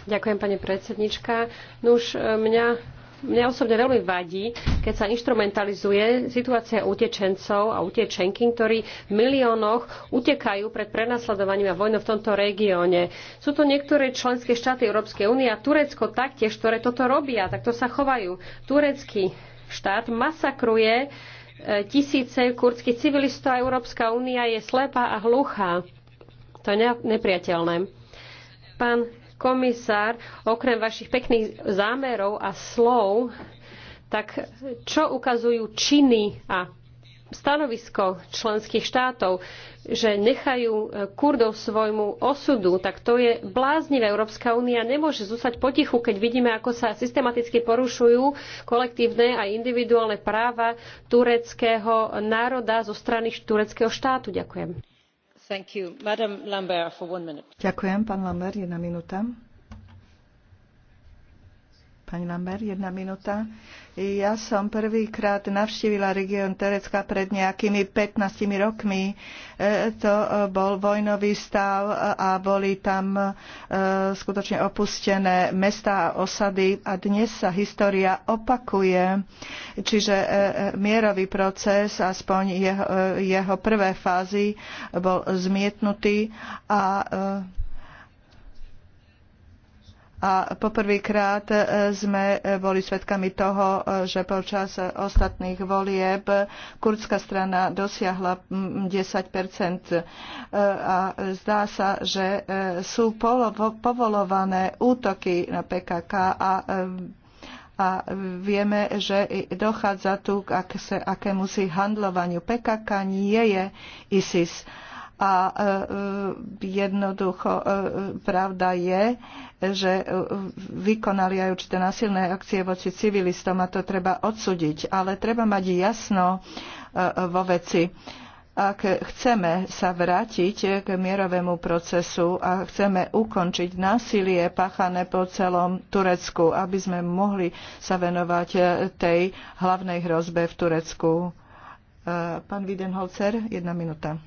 Ďakujem, pani predsednička. No už eh, mňa, mňa osobne veľmi vadí, keď sa instrumentalizuje situácia utečencov a utečenky, ktorí v miliónoch utekajú pred prenasledovaním a vojnou v tomto regióne. Sú to niektoré členské štáty Európskej únie a Turecko taktiež, ktoré toto robia, takto sa chovajú. Turecký štát masakruje eh, tisíce kurdských civilistov a Európska únia je slepá a hluchá. To je nepriateľné. Pán komisár, okrem vašich pekných zámerov a slov, tak čo ukazujú činy a stanovisko členských štátov, že nechajú e, Kurdov svojmu osudu, tak to je bláznivé. Európska únia nemôže zostať potichu, keď vidíme, ako sa systematicky porušujú kolektívne a individuálne práva tureckého národa zo strany tureckého štátu. Ďakujem. Lambert, Ďakujem, pán Lambert, jedna minúta. Pani Lambert, jedna minúta. Ja som prvýkrát navštívila región Terecka pred nejakými 15 rokmi. E, to e, bol vojnový stav a boli tam e, skutočne opustené mestá a osady a dnes sa história opakuje. Čiže mierový proces, aspoň jeho, jeho prvé fázy, bol zmietnutý a a poprvýkrát e, sme e, boli svedkami toho, e, že počas ostatných volieb kurdská strana dosiahla 10 a zdá sa, že sú povolované útoky na PKK a a vieme, že dochádza tu k akémusi handlovaniu. PKK nie je ISIS. A e, e, jednoducho e, pravda je, že vykonali aj určité násilné akcie voči civilistom a to treba odsúdiť. Ale treba mať jasno vo veci ak chceme sa vrátiť k mierovému procesu a chceme ukončiť násilie páchané po celom Turecku, aby sme mohli sa venovať tej hlavnej hrozbe v Turecku. Pán Widenholzer, jedna minúta.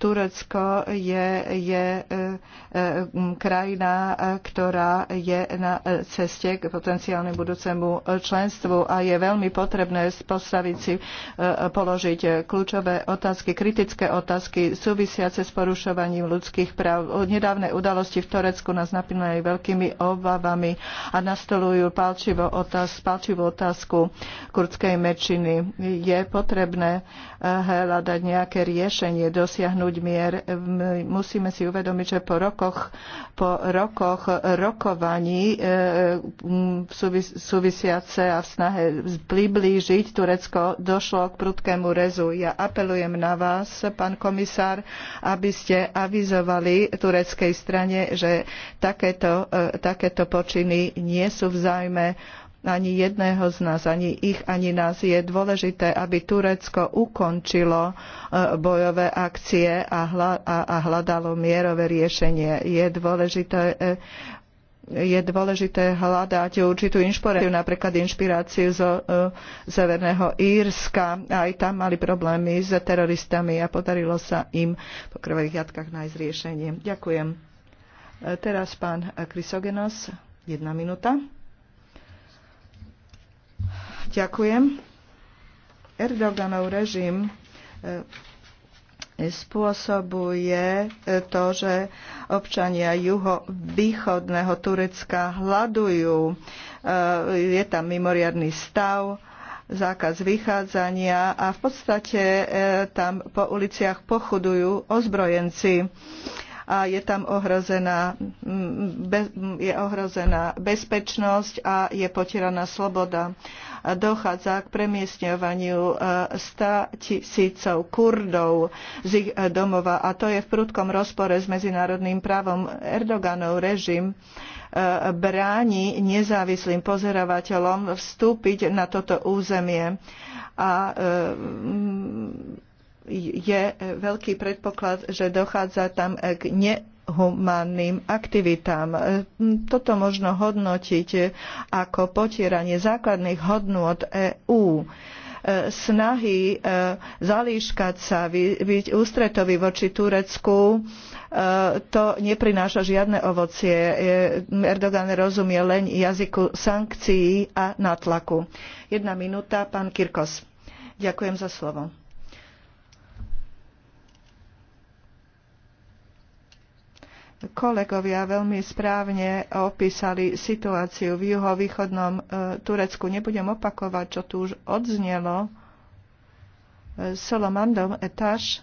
Turecko je, je e, e, krajina, ktorá je na ceste k potenciálne budúcemu členstvu a je veľmi potrebné postaviť si, e, položiť kľúčové otázky, kritické otázky súvisiace s porušovaním ľudských práv. Nedávne udalosti v Turecku nás napínajú veľkými obavami a nastolujú palčivú otázku, palčivú otázku kurdskej mečiny. Je potrebné hľadať nejaké riešenie, dosiahnuť dosiahnuť mier. Musíme si uvedomiť, že po rokoch, po rokoch rokovaní e, súvisiace a v snahe priblížiť Turecko došlo k prudkému rezu. Ja apelujem na vás, pán komisár, aby ste avizovali tureckej strane, že takéto, e, takéto počiny nie sú v záujme ani jedného z nás, ani ich, ani nás. Je dôležité, aby Turecko ukončilo e, bojové akcie a hľadalo mierové riešenie. Je dôležité e, je dôležité hľadať určitú inšpiráciu, napríklad inšpiráciu zo e, Severného Írska. Aj tam mali problémy s teroristami a podarilo sa im po krvavých jatkách nájsť riešenie. Ďakujem. Teraz pán Krysogenos, jedna minúta. Ďakujem. Erdoganov režim eh, spôsobuje eh, to, že občania juho-východného Turecka hľadujú. Eh, je tam mimoriadný stav, zákaz vychádzania a v podstate tam po uliciach pochodujú ozbrojenci a je tam ohrozená, mm, mm, je ohrozená bezpečnosť a je potieraná sloboda. Dochádza k premiestňovaniu 100 e, tisícov Kurdov z ich e, domova a to je v prudkom rozpore s medzinárodným právom. Erdoganov režim e, bráni nezávislým pozorovateľom vstúpiť na toto územie a mm, je veľký predpoklad, že dochádza tam k ne humánnym aktivitám. Toto možno hodnotiť ako potieranie základných hodnôt EÚ snahy e, zalíškať sa, byť ústretový voči Turecku, e, to neprináša žiadne ovocie. Erdogan rozumie len jazyku sankcií a natlaku. Jedna minúta, pán Kirkos. Ďakujem za slovo kolegovia veľmi správne opísali situáciu v juhovýchodnom e, Turecku. Nebudem opakovať, čo tu už odznelo. E, Solomandom etáž.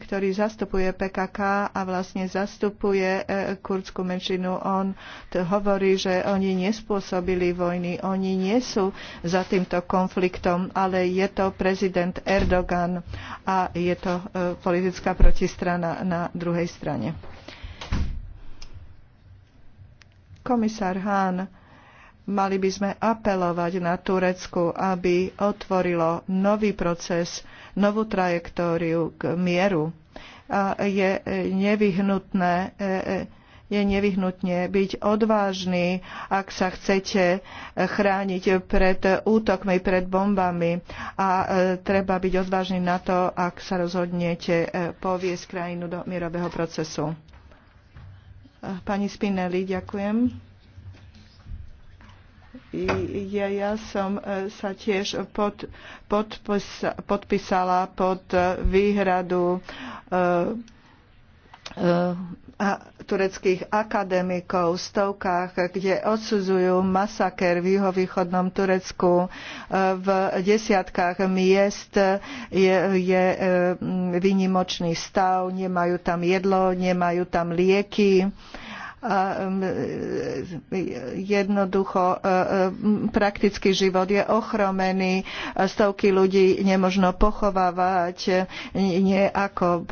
ktorý zastupuje PKK a vlastne zastupuje e, kurdskú menšinu. On hovorí, že oni nespôsobili vojny, oni nie sú za týmto konfliktom, ale je to prezident Erdogan a je to e, politická protistrana na druhej strane. Komisár Hahn Mali by sme apelovať na Turecku, aby otvorilo nový proces, novú trajektóriu k mieru. A je nevyhnutné e, e, je nevyhnutne byť odvážny, ak sa chcete chrániť pred útokmi, pred bombami a e, treba byť odvážny na to, ak sa rozhodnete poviesť krajinu do mierového procesu. Pani Spinelli, ďakujem. Ja, ja som e, sa tiež pod, podpis, podpísala pod e, výhradu e, tureckých akademikov v stovkách, kde odsudzujú masaker v juhovýchodnom Turecku. V desiatkách miest je, je vynimočný stav, nemajú tam jedlo, nemajú tam lieky. Uh, Um, jednoducho e, e, praktický život je ochromený, stovky ľudí nemožno pochovávať, nie ako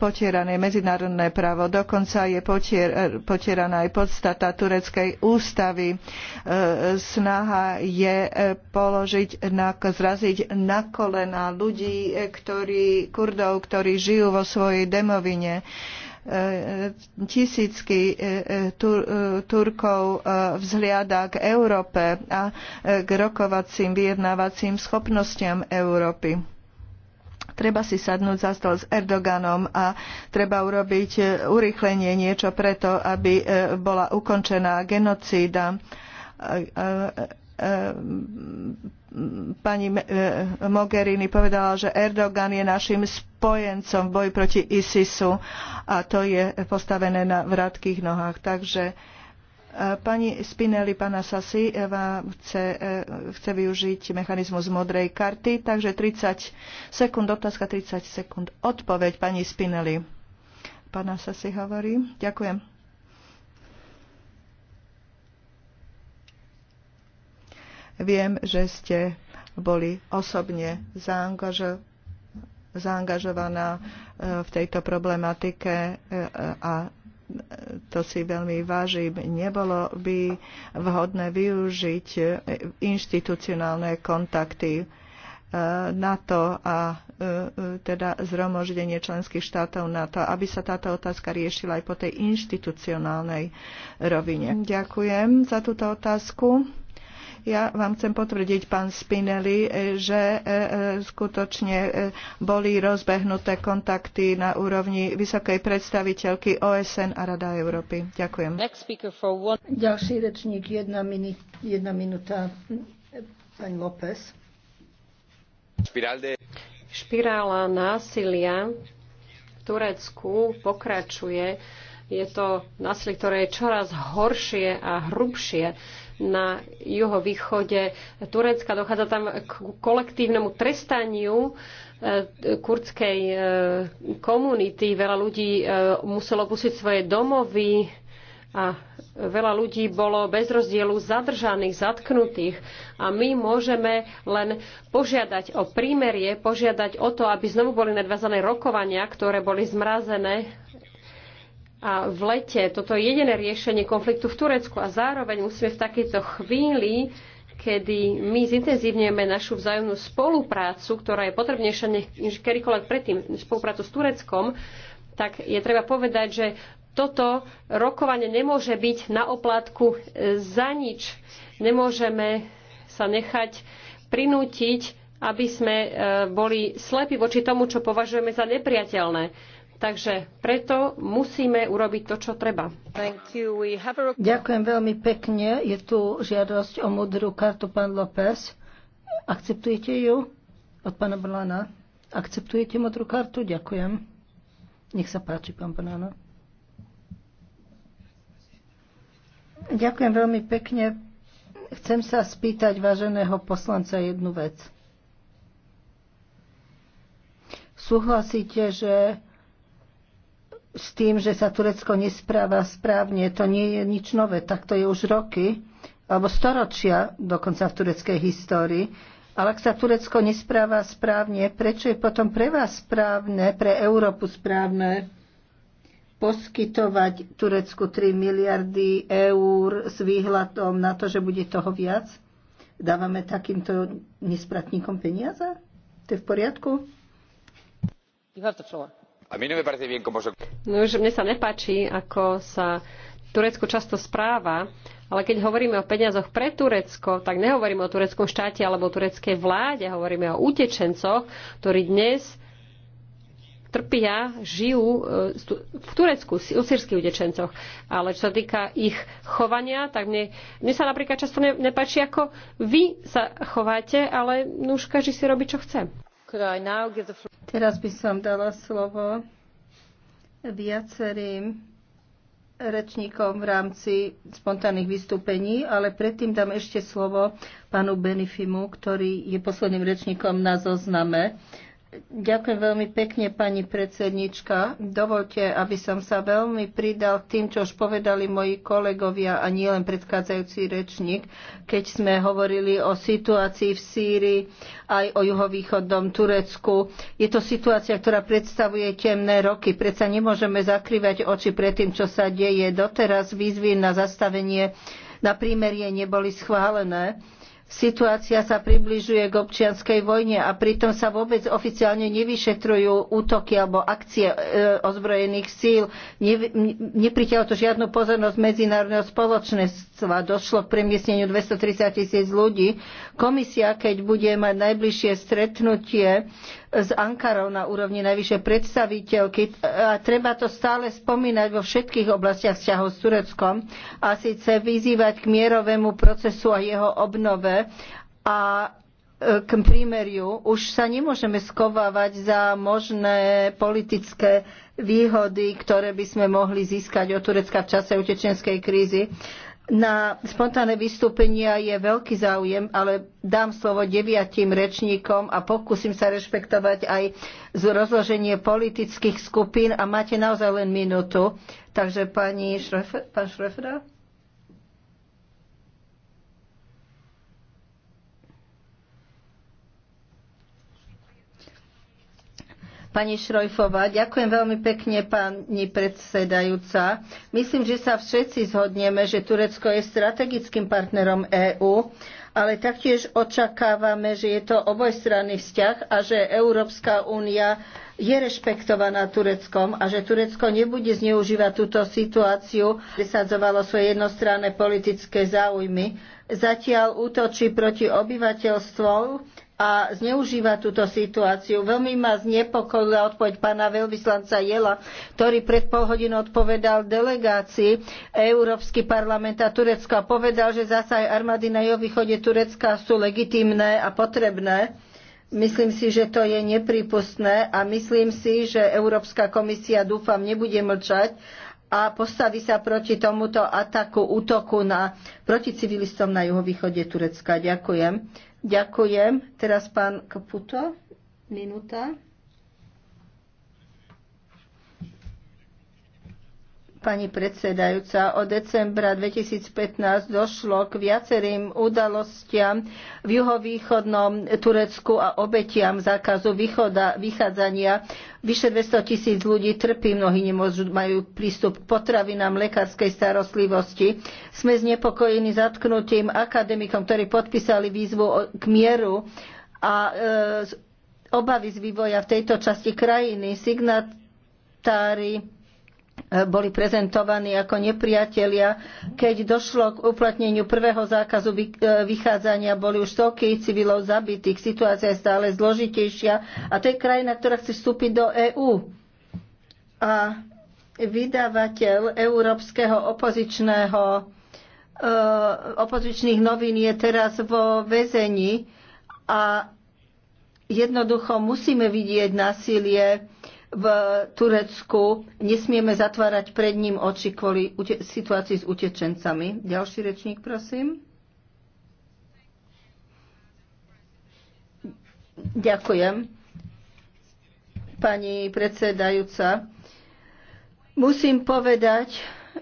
potierané medzinárodné právo, dokonca je potier, potieraná aj podstata tureckej ústavy. E, snaha je položiť, na, zraziť na kolena ľudí, ktorí, kurdov, ktorí žijú vo svojej demovine E, e, tisícky e, Turkov vzhliada k Európe a k rokovacím vyjednávacím schopnostiam Európy. Treba si sadnúť za stôl s Erdoganom a treba urobiť urýchlenie niečo preto, aby bola ukončená genocída pani eh, Mogherini povedala, že Erdogan je našim spojencom v boji proti ISISu a to je postavené na vratkých nohách. Takže eh, pani Spinelli, pana Sasi eh, vám chce, chce využiť mechanizmus modrej karty, takže tridsať sekúnd otázka, tridsať sekúnd odpoveď pani Spinelli. Pana Sasi hovorí. Ďakujem Viem, že ste boli osobne zaangažovaná e, v tejto problematike e, a to si veľmi vážim. Nebolo by vhodné využiť e, inštitucionálne kontakty na to a teda zromoždenie členských štátov na to, aby sa táto otázka riešila aj po tej inštitucionálnej rovine. Ďakujem za túto otázku. Ja vám chcem potvrdiť, pán Spinelli, že e, e, skutočne e, boli rozbehnuté kontakty na úrovni vysokej predstaviteľky OSN a Rada Európy. Ďakujem. Ďalší rečník, jedna, mini, jedna minúta, pani López. Špirála násilia v Turecku pokračuje je to násilie, ktoré je čoraz horšie a hrubšie na juhovýchode Turecka. Dochádza tam k kolektívnemu trestaniu eh, kurdskej eh, komunity. Veľa ľudí eh, muselo pustiť svoje domovy a veľa ľudí bolo bez rozdielu zadržaných, zatknutých a my môžeme len požiadať o prímerie, požiadať o to, aby znovu boli nadvazané rokovania, ktoré boli zmrazené a v lete. Toto je jediné riešenie konfliktu v Turecku a zároveň musíme v takejto chvíli, kedy my zintenzívňujeme našu vzájomnú spoluprácu, ktorá je potrebnejšia než kedykoľvek predtým, spoluprácu s Tureckom, tak je treba povedať, že toto rokovanie nemôže byť na oplátku e, za nič. Nemôžeme sa nechať prinútiť, aby sme e, boli slepí voči tomu, čo považujeme za nepriateľné Takže preto musíme urobiť to, čo treba. Ďakujem veľmi pekne. Je tu žiadosť o modrú kartu, pán López. Akceptujete ju od pána Blana? Akceptujete modrú kartu? Ďakujem. Nech sa páči, pán Blana. Ďakujem veľmi pekne. Chcem sa spýtať váženého poslanca jednu vec. Súhlasíte, že s tým, že sa Turecko nespráva správne. To nie je nič nové, tak to je už roky, alebo storočia dokonca v tureckej histórii. Ale ak sa Turecko nespráva správne, prečo je potom pre vás správne, pre Európu správne poskytovať Turecku 3 miliardy eur s výhľadom na to, že bude toho viac? Dávame takýmto nespratníkom peniaze? To je v poriadku? You have the floor. No už mne sa nepáči, ako sa Turecko často správa, ale keď hovoríme o peniazoch pre Turecko, tak nehovoríme o tureckom štáte alebo o tureckej vláde, hovoríme o utečencoch, ktorí dnes trpia, žijú e, v Turecku, u sírskych utečencoch. Ale čo sa týka ich chovania, tak mne, mne sa napríklad často nepáči, ako vy sa chováte, ale už každý si robí, čo chce. Teraz by som dala slovo viacerým rečníkom v rámci spontánnych vystúpení, ale predtým dám ešte slovo pánu Benifimu, ktorý je posledným rečníkom na zozname. Ďakujem veľmi pekne, pani predsednička. Dovolte, aby som sa veľmi pridal k tým, čo už povedali moji kolegovia a nielen predchádzajúci rečník, keď sme hovorili o situácii v Sýrii aj o juhovýchodnom Turecku. Je to situácia, ktorá predstavuje temné roky. Predsa nemôžeme zakrývať oči pred tým, čo sa deje. Doteraz výzvy na zastavenie na prímerie neboli schválené Situácia sa približuje k občianskej vojne a pritom sa vôbec oficiálne nevyšetrujú útoky alebo akcie e, ozbrojených síl. Ne, nepritiaľ to žiadnu pozornosť medzinárodného spoločenstva zdravotníctva došlo k premiesneniu 230 tisíc ľudí. Komisia, keď bude mať najbližšie stretnutie s Ankarou na úrovni najvyššej predstaviteľky, a treba to stále spomínať vo všetkých oblastiach vzťahov s Tureckom, a síce vyzývať k mierovému procesu a jeho obnove a e, k prímeriu. Už sa nemôžeme skovávať za možné politické výhody, ktoré by sme mohli získať od Turecka v čase utečenskej krízy. Na spontánne vystúpenia je veľký záujem, ale dám slovo deviatim rečníkom a pokúsim sa rešpektovať aj rozloženie politických skupín a máte naozaj len minútu. Takže pani Šrefer, pán Šrefera? Pani Šrojfová, ďakujem veľmi pekne, pani predsedajúca. Myslím, že sa všetci zhodneme, že Turecko je strategickým partnerom EÚ, ale taktiež očakávame, že je to obojstranný vzťah a že Európska únia je rešpektovaná Tureckom a že Turecko nebude zneužívať túto situáciu, vysadzovalo svoje jednostranné politické záujmy. Zatiaľ útočí proti obyvateľstvu a zneužíva túto situáciu. Veľmi ma znepokojila odpoveď pána veľvyslanca Jela, ktorý pred pol hodinou odpovedal delegácii Európsky parlament a Turecka. Povedal, že zasa aj armády na východe Turecka sú legitimné a potrebné. Myslím si, že to je nepripustné a myslím si, že Európska komisia, dúfam, nebude mlčať a postaví sa proti tomuto ataku, útoku na, proti civilistom na juhovýchode Turecka. Ďakujem. Ďakujem. Teraz pán Kaputo, minúta. pani predsedajúca. Od decembra 2015 došlo k viacerým udalostiam v juhovýchodnom Turecku a obetiam zákazu východa, vychádzania. Vyše 200 tisíc ľudí trpí, mnohí nemôžu, majú prístup k potravinám, lekárskej starostlivosti. Sme znepokojení zatknutím akademikom, ktorí podpísali výzvu k mieru a e, obavy z vývoja v tejto časti krajiny. Signatári boli prezentovaní ako nepriatelia. Keď došlo k uplatneniu prvého zákazu e, vychádzania, boli už stovky civilov zabitých. Situácia je stále zložitejšia a to je krajina, ktorá chce vstúpiť do EÚ. A vydavateľ európskeho opozičného e, opozičných novín je teraz vo väzení a jednoducho musíme vidieť násilie v Turecku. Nesmieme zatvárať pred ním oči kvôli situácii s utečencami. Ďalší rečník, prosím. Ďakujem. Pani predsedajúca, musím povedať,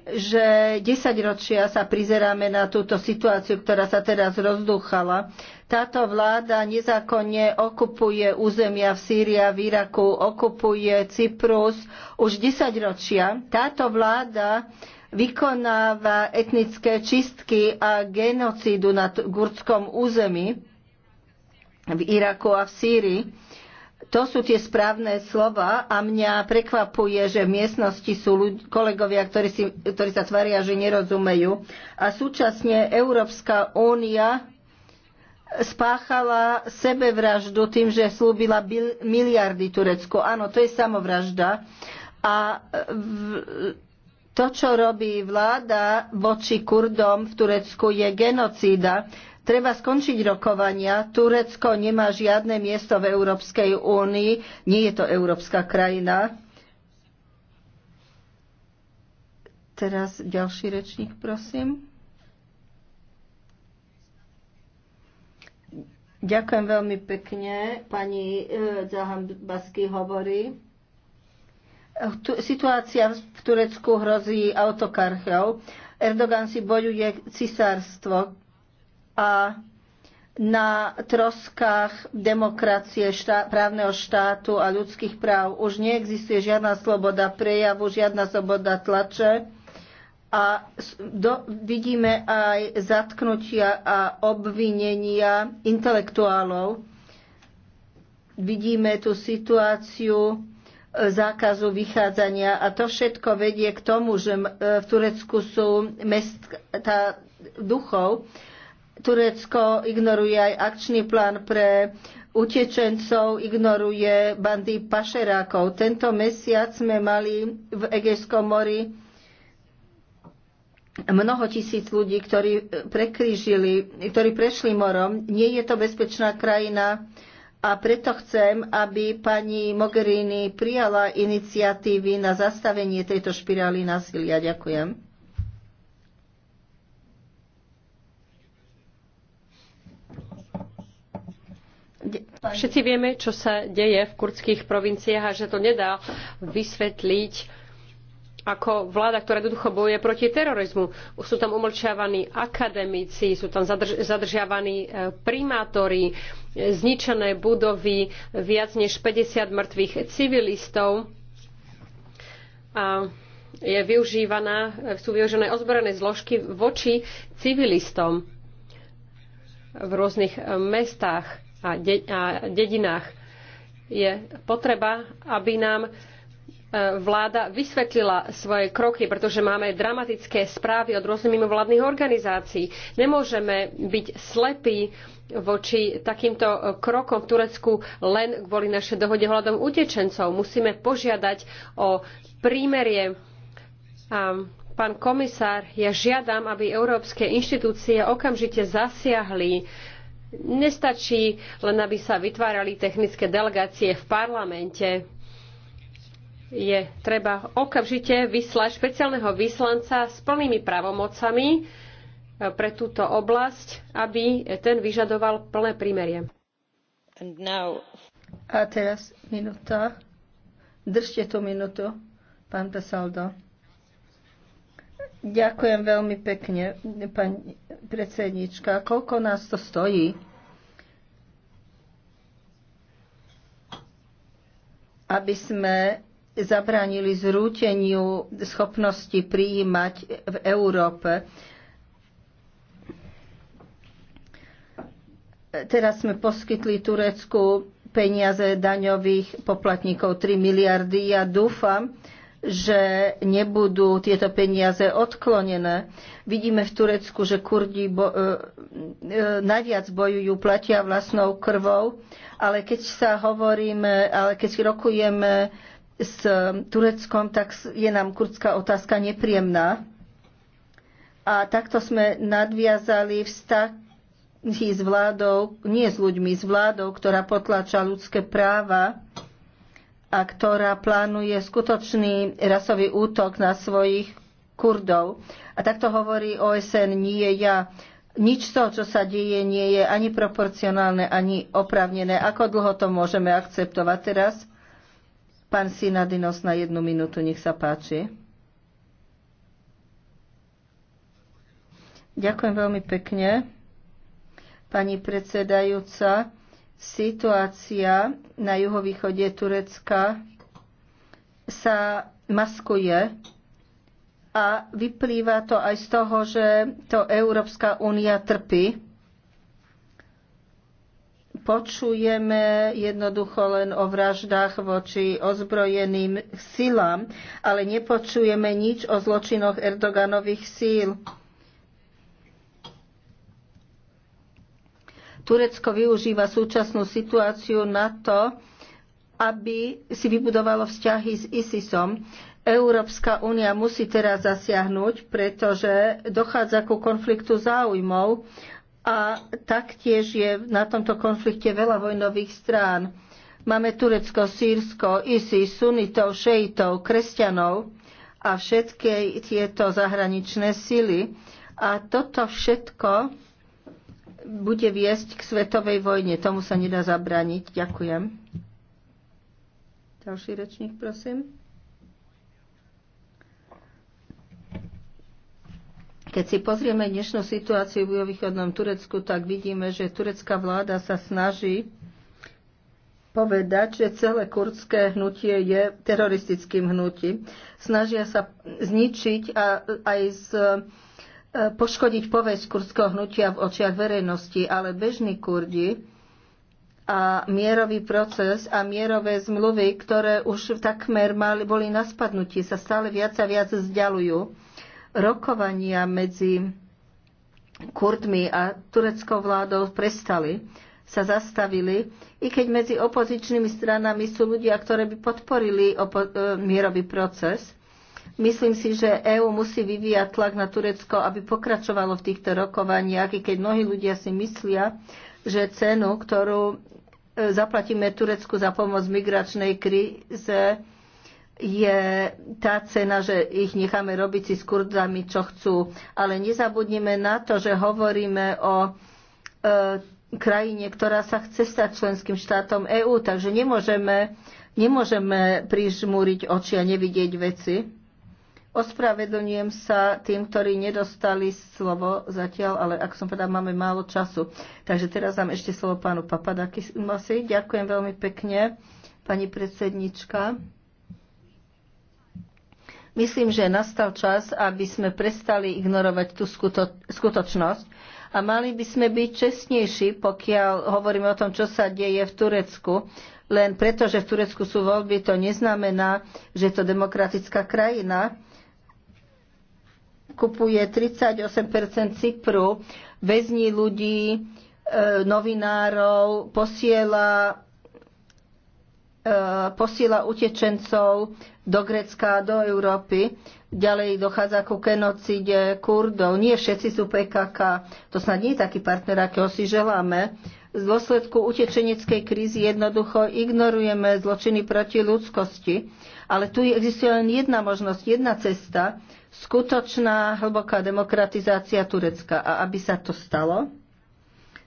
že desaťročia sa prizeráme na túto situáciu, ktorá sa teraz rozdúchala. Táto vláda nezákonne okupuje územia v Sýrii a v Iraku, okupuje Cyprus už desaťročia. Táto vláda vykonáva etnické čistky a genocídu na kurdskom území v Iraku a v Sýrii to sú tie správne slova a mňa prekvapuje, že v miestnosti sú kolegovia, ktorí, si, ktorí sa tvária, že nerozumejú. A súčasne Európska únia spáchala sebevraždu tým, že slúbila miliardy Turecku. Áno, to je samovražda. A to, čo robí vláda voči Kurdom v Turecku, je genocída. Treba skončiť rokovania. Turecko nemá žiadne miesto v Európskej únii. Nie je to európska krajina. Teraz ďalší rečník, prosím. Ďakujem veľmi pekne. Pani e, Zahambasky hovorí. Situácia v Turecku hrozí autokarchou. Erdogan si bojuje cisárstvo, a na troskách demokracie, štá, právneho štátu a ľudských práv. Už neexistuje žiadna sloboda prejavu, žiadna sloboda tlače a do, vidíme aj zatknutia a obvinenia intelektuálov. Vidíme tú situáciu e, zákazu vychádzania a to všetko vedie k tomu, že e, v Turecku sú mesta duchov, Turecko ignoruje aj akčný plán pre utečencov, ignoruje bandy pašerákov. Tento mesiac sme mali v Egejskom mori mnoho tisíc ľudí, ktorí prekrížili, ktorí prešli morom. Nie je to bezpečná krajina a preto chcem, aby pani Mogherini prijala iniciatívy na zastavenie tejto špirály násilia. Ďakujem. Všetci vieme, čo sa deje v kurdských provinciách a že to nedá vysvetliť ako vláda, ktorá jednoducho bojuje proti terorizmu. Sú tam umlčiavaní akademici, sú tam zadrž- zadržiavaní e, primátori, e, zničené budovy, viac než 50 mŕtvych civilistov. A je využívaná, e, sú využené ozbrojené zložky voči civilistom v rôznych mestách a, de- a dedinách. Je potreba, aby nám e, vláda vysvetlila svoje kroky, pretože máme dramatické správy od rôznych mimovládnych organizácií. Nemôžeme byť slepí voči takýmto e, krokom v Turecku len kvôli našej dohode hľadom utečencov. Musíme požiadať o prímerie. A pán komisár, ja žiadam, aby európske inštitúcie okamžite zasiahli Nestačí len, aby sa vytvárali technické delegácie v parlamente. Je treba okamžite vyslať špeciálneho vyslanca s plnými pravomocami eh, pre túto oblasť, aby ten vyžadoval plné prímerie. Now... A teraz minúta. Držte tú minútu, pán Pesaldo. Ďakujem veľmi pekne, pani predsednička, koľko nás to stojí? aby sme zabránili zrúteniu schopnosti prijímať v Európe. Teraz sme poskytli Turecku peniaze daňových poplatníkov 3 miliardy. Ja dúfam, že nebudú tieto peniaze odklonené. Vidíme v Turecku, že Kurdi bo, e, e, najviac bojujú, platia vlastnou krvou, ale keď sa hovoríme, ale keď si rokujeme s Tureckom, tak je nám kurdská otázka nepriemná. A takto sme nadviazali vztahy s vládou, nie s ľuďmi, s vládou, ktorá potláča ľudské práva a ktorá plánuje skutočný rasový útok na svojich Kurdov. A takto hovorí OSN, nie ja. Nič z toho, čo sa deje, nie je ani proporcionálne, ani opravnené. Ako dlho to môžeme akceptovať teraz? Pán Sinadinos na jednu minútu, nech sa páči. Ďakujem veľmi pekne. Pani predsedajúca, Situácia na juhovýchode Turecka sa maskuje a vyplýva to aj z toho, že to Európska únia trpí. Počujeme jednoducho len o vraždách voči ozbrojeným silám, ale nepočujeme nič o zločinoch Erdoganových síl Turecko využíva súčasnú situáciu na to, aby si vybudovalo vzťahy s ISISom. Európska únia musí teraz zasiahnuť, pretože dochádza ku konfliktu záujmov a taktiež je na tomto konflikte veľa vojnových strán. Máme Turecko, Sýrsko, ISIS, sunitov, šejitov, kresťanov a všetky tieto zahraničné sily. A toto všetko bude viesť k svetovej vojne. Tomu sa nedá zabraniť. Ďakujem. Ďalší rečník, prosím. Keď si pozrieme dnešnú situáciu v východnom Turecku, tak vidíme, že turecká vláda sa snaží povedať, že celé kurdské hnutie je teroristickým hnutím. Snažia sa zničiť a aj z poškodiť povesť kurdského hnutia v očiach verejnosti, ale bežní kurdi a mierový proces a mierové zmluvy, ktoré už takmer mali, boli na spadnutí, sa stále viac a viac vzdialujú. Rokovania medzi Kurdmi a tureckou vládou prestali, sa zastavili, i keď medzi opozičnými stranami sú ľudia, ktorí by podporili e, mierový proces – Myslím si, že EÚ musí vyvíjať tlak na Turecko, aby pokračovalo v týchto rokovaniach, i keď mnohí ľudia si myslia, že cenu, ktorú e, zaplatíme Turecku za pomoc v migračnej kríze, je tá cena, že ich necháme robiť si s Kurdami, čo chcú. Ale nezabudnime na to, že hovoríme o e, krajine, ktorá sa chce stať členským štátom EÚ, takže nemôžeme, nemôžeme prižmúriť oči a nevidieť veci. Ospravedlňujem sa tým, ktorí nedostali slovo zatiaľ, ale ak som povedal, máme málo času. Takže teraz dám ešte slovo pánu Papadakisi. Ďakujem veľmi pekne, pani predsednička. Myslím, že nastal čas, aby sme prestali ignorovať tú skuto- skutočnosť a mali by sme byť čestnejší, pokiaľ hovoríme o tom, čo sa deje v Turecku. Len preto, že v Turecku sú voľby, to neznamená, že je to demokratická krajina kupuje 38 Cypru, väzní ľudí, e, novinárov, posiela, e, posiela utečencov do Grecka, do Európy. Ďalej dochádza ku genocide Kurdov. Nie všetci sú PKK. To snad nie je taký partner, akého si želáme. Z dôsledku utečeneckej krízy jednoducho ignorujeme zločiny proti ľudskosti. Ale tu existuje len jedna možnosť, jedna cesta skutočná hlboká demokratizácia Turecka. A aby sa to stalo,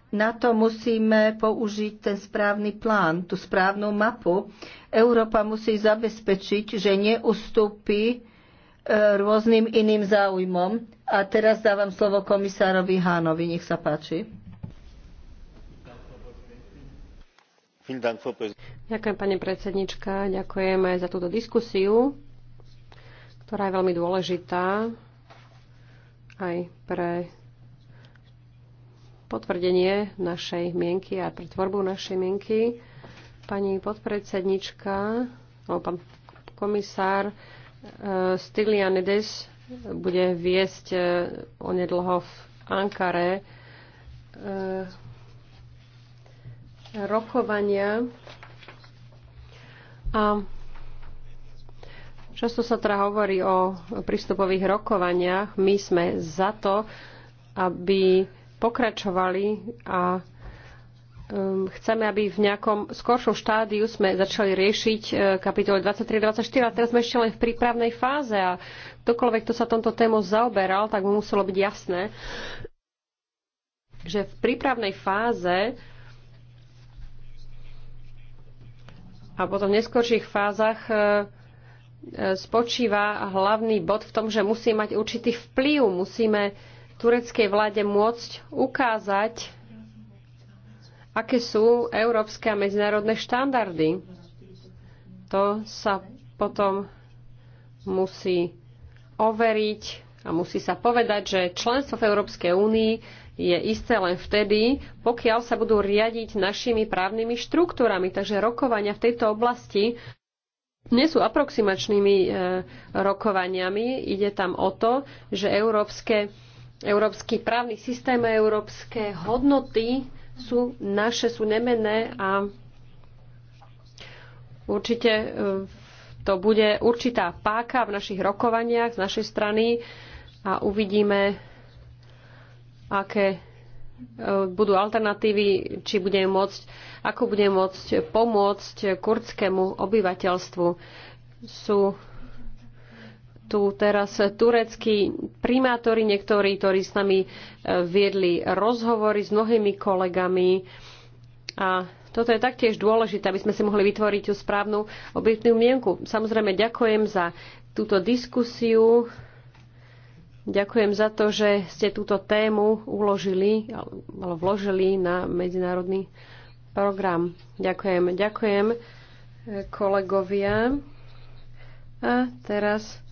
na to musíme použiť ten správny plán, tú správnu mapu. Európa musí zabezpečiť, že neustúpi e, rôznym iným záujmom. A teraz dávam slovo komisárovi Hánovi. Nech sa páči. Ďakujem, pani predsednička. Ďakujem aj za túto diskusiu ktorá je veľmi dôležitá aj pre potvrdenie našej mienky a pre tvorbu našej mienky. Pani podpredsednička, alebo pán komisár eh, Stylianides bude viesť eh, onedlho v Ankare eh, rokovania a Často sa teda hovorí o prístupových rokovaniach. My sme za to, aby pokračovali a um, chceme, aby v nejakom skoršom štádiu sme začali riešiť uh, kapitoly 23-24 a teraz sme ešte len v prípravnej fáze a ktokoľvek, kto sa tomto tému zaoberal, tak mu muselo byť jasné, že v prípravnej fáze a potom v neskorších fázach uh, E, spočíva hlavný bod v tom, že musí mať určitý vplyv. Musíme tureckej vláde môcť ukázať, aké sú európske a medzinárodné štandardy. To sa potom musí overiť a musí sa povedať, že členstvo v Európskej únii je isté len vtedy, pokiaľ sa budú riadiť našimi právnymi štruktúrami. Takže rokovania v tejto oblasti nie sú aproximačnými e, rokovaniami. Ide tam o to, že európske, európsky právny systém a európske hodnoty sú naše, sú nemenné a určite e, to bude určitá páka v našich rokovaniach z našej strany a uvidíme, aké E, budú alternatívy, či budeme môcť, ako budeme môcť pomôcť kurdskému obyvateľstvu. Sú tu teraz tureckí primátori, niektorí, ktorí s nami e, viedli rozhovory s mnohými kolegami. A toto je taktiež dôležité, aby sme si mohli vytvoriť tú správnu objektívnu mienku. Samozrejme, ďakujem za túto diskusiu. Ďakujem za to, že ste túto tému uložili, alebo vložili na medzinárodný program. Ďakujem, ďakujem kolegovia. A teraz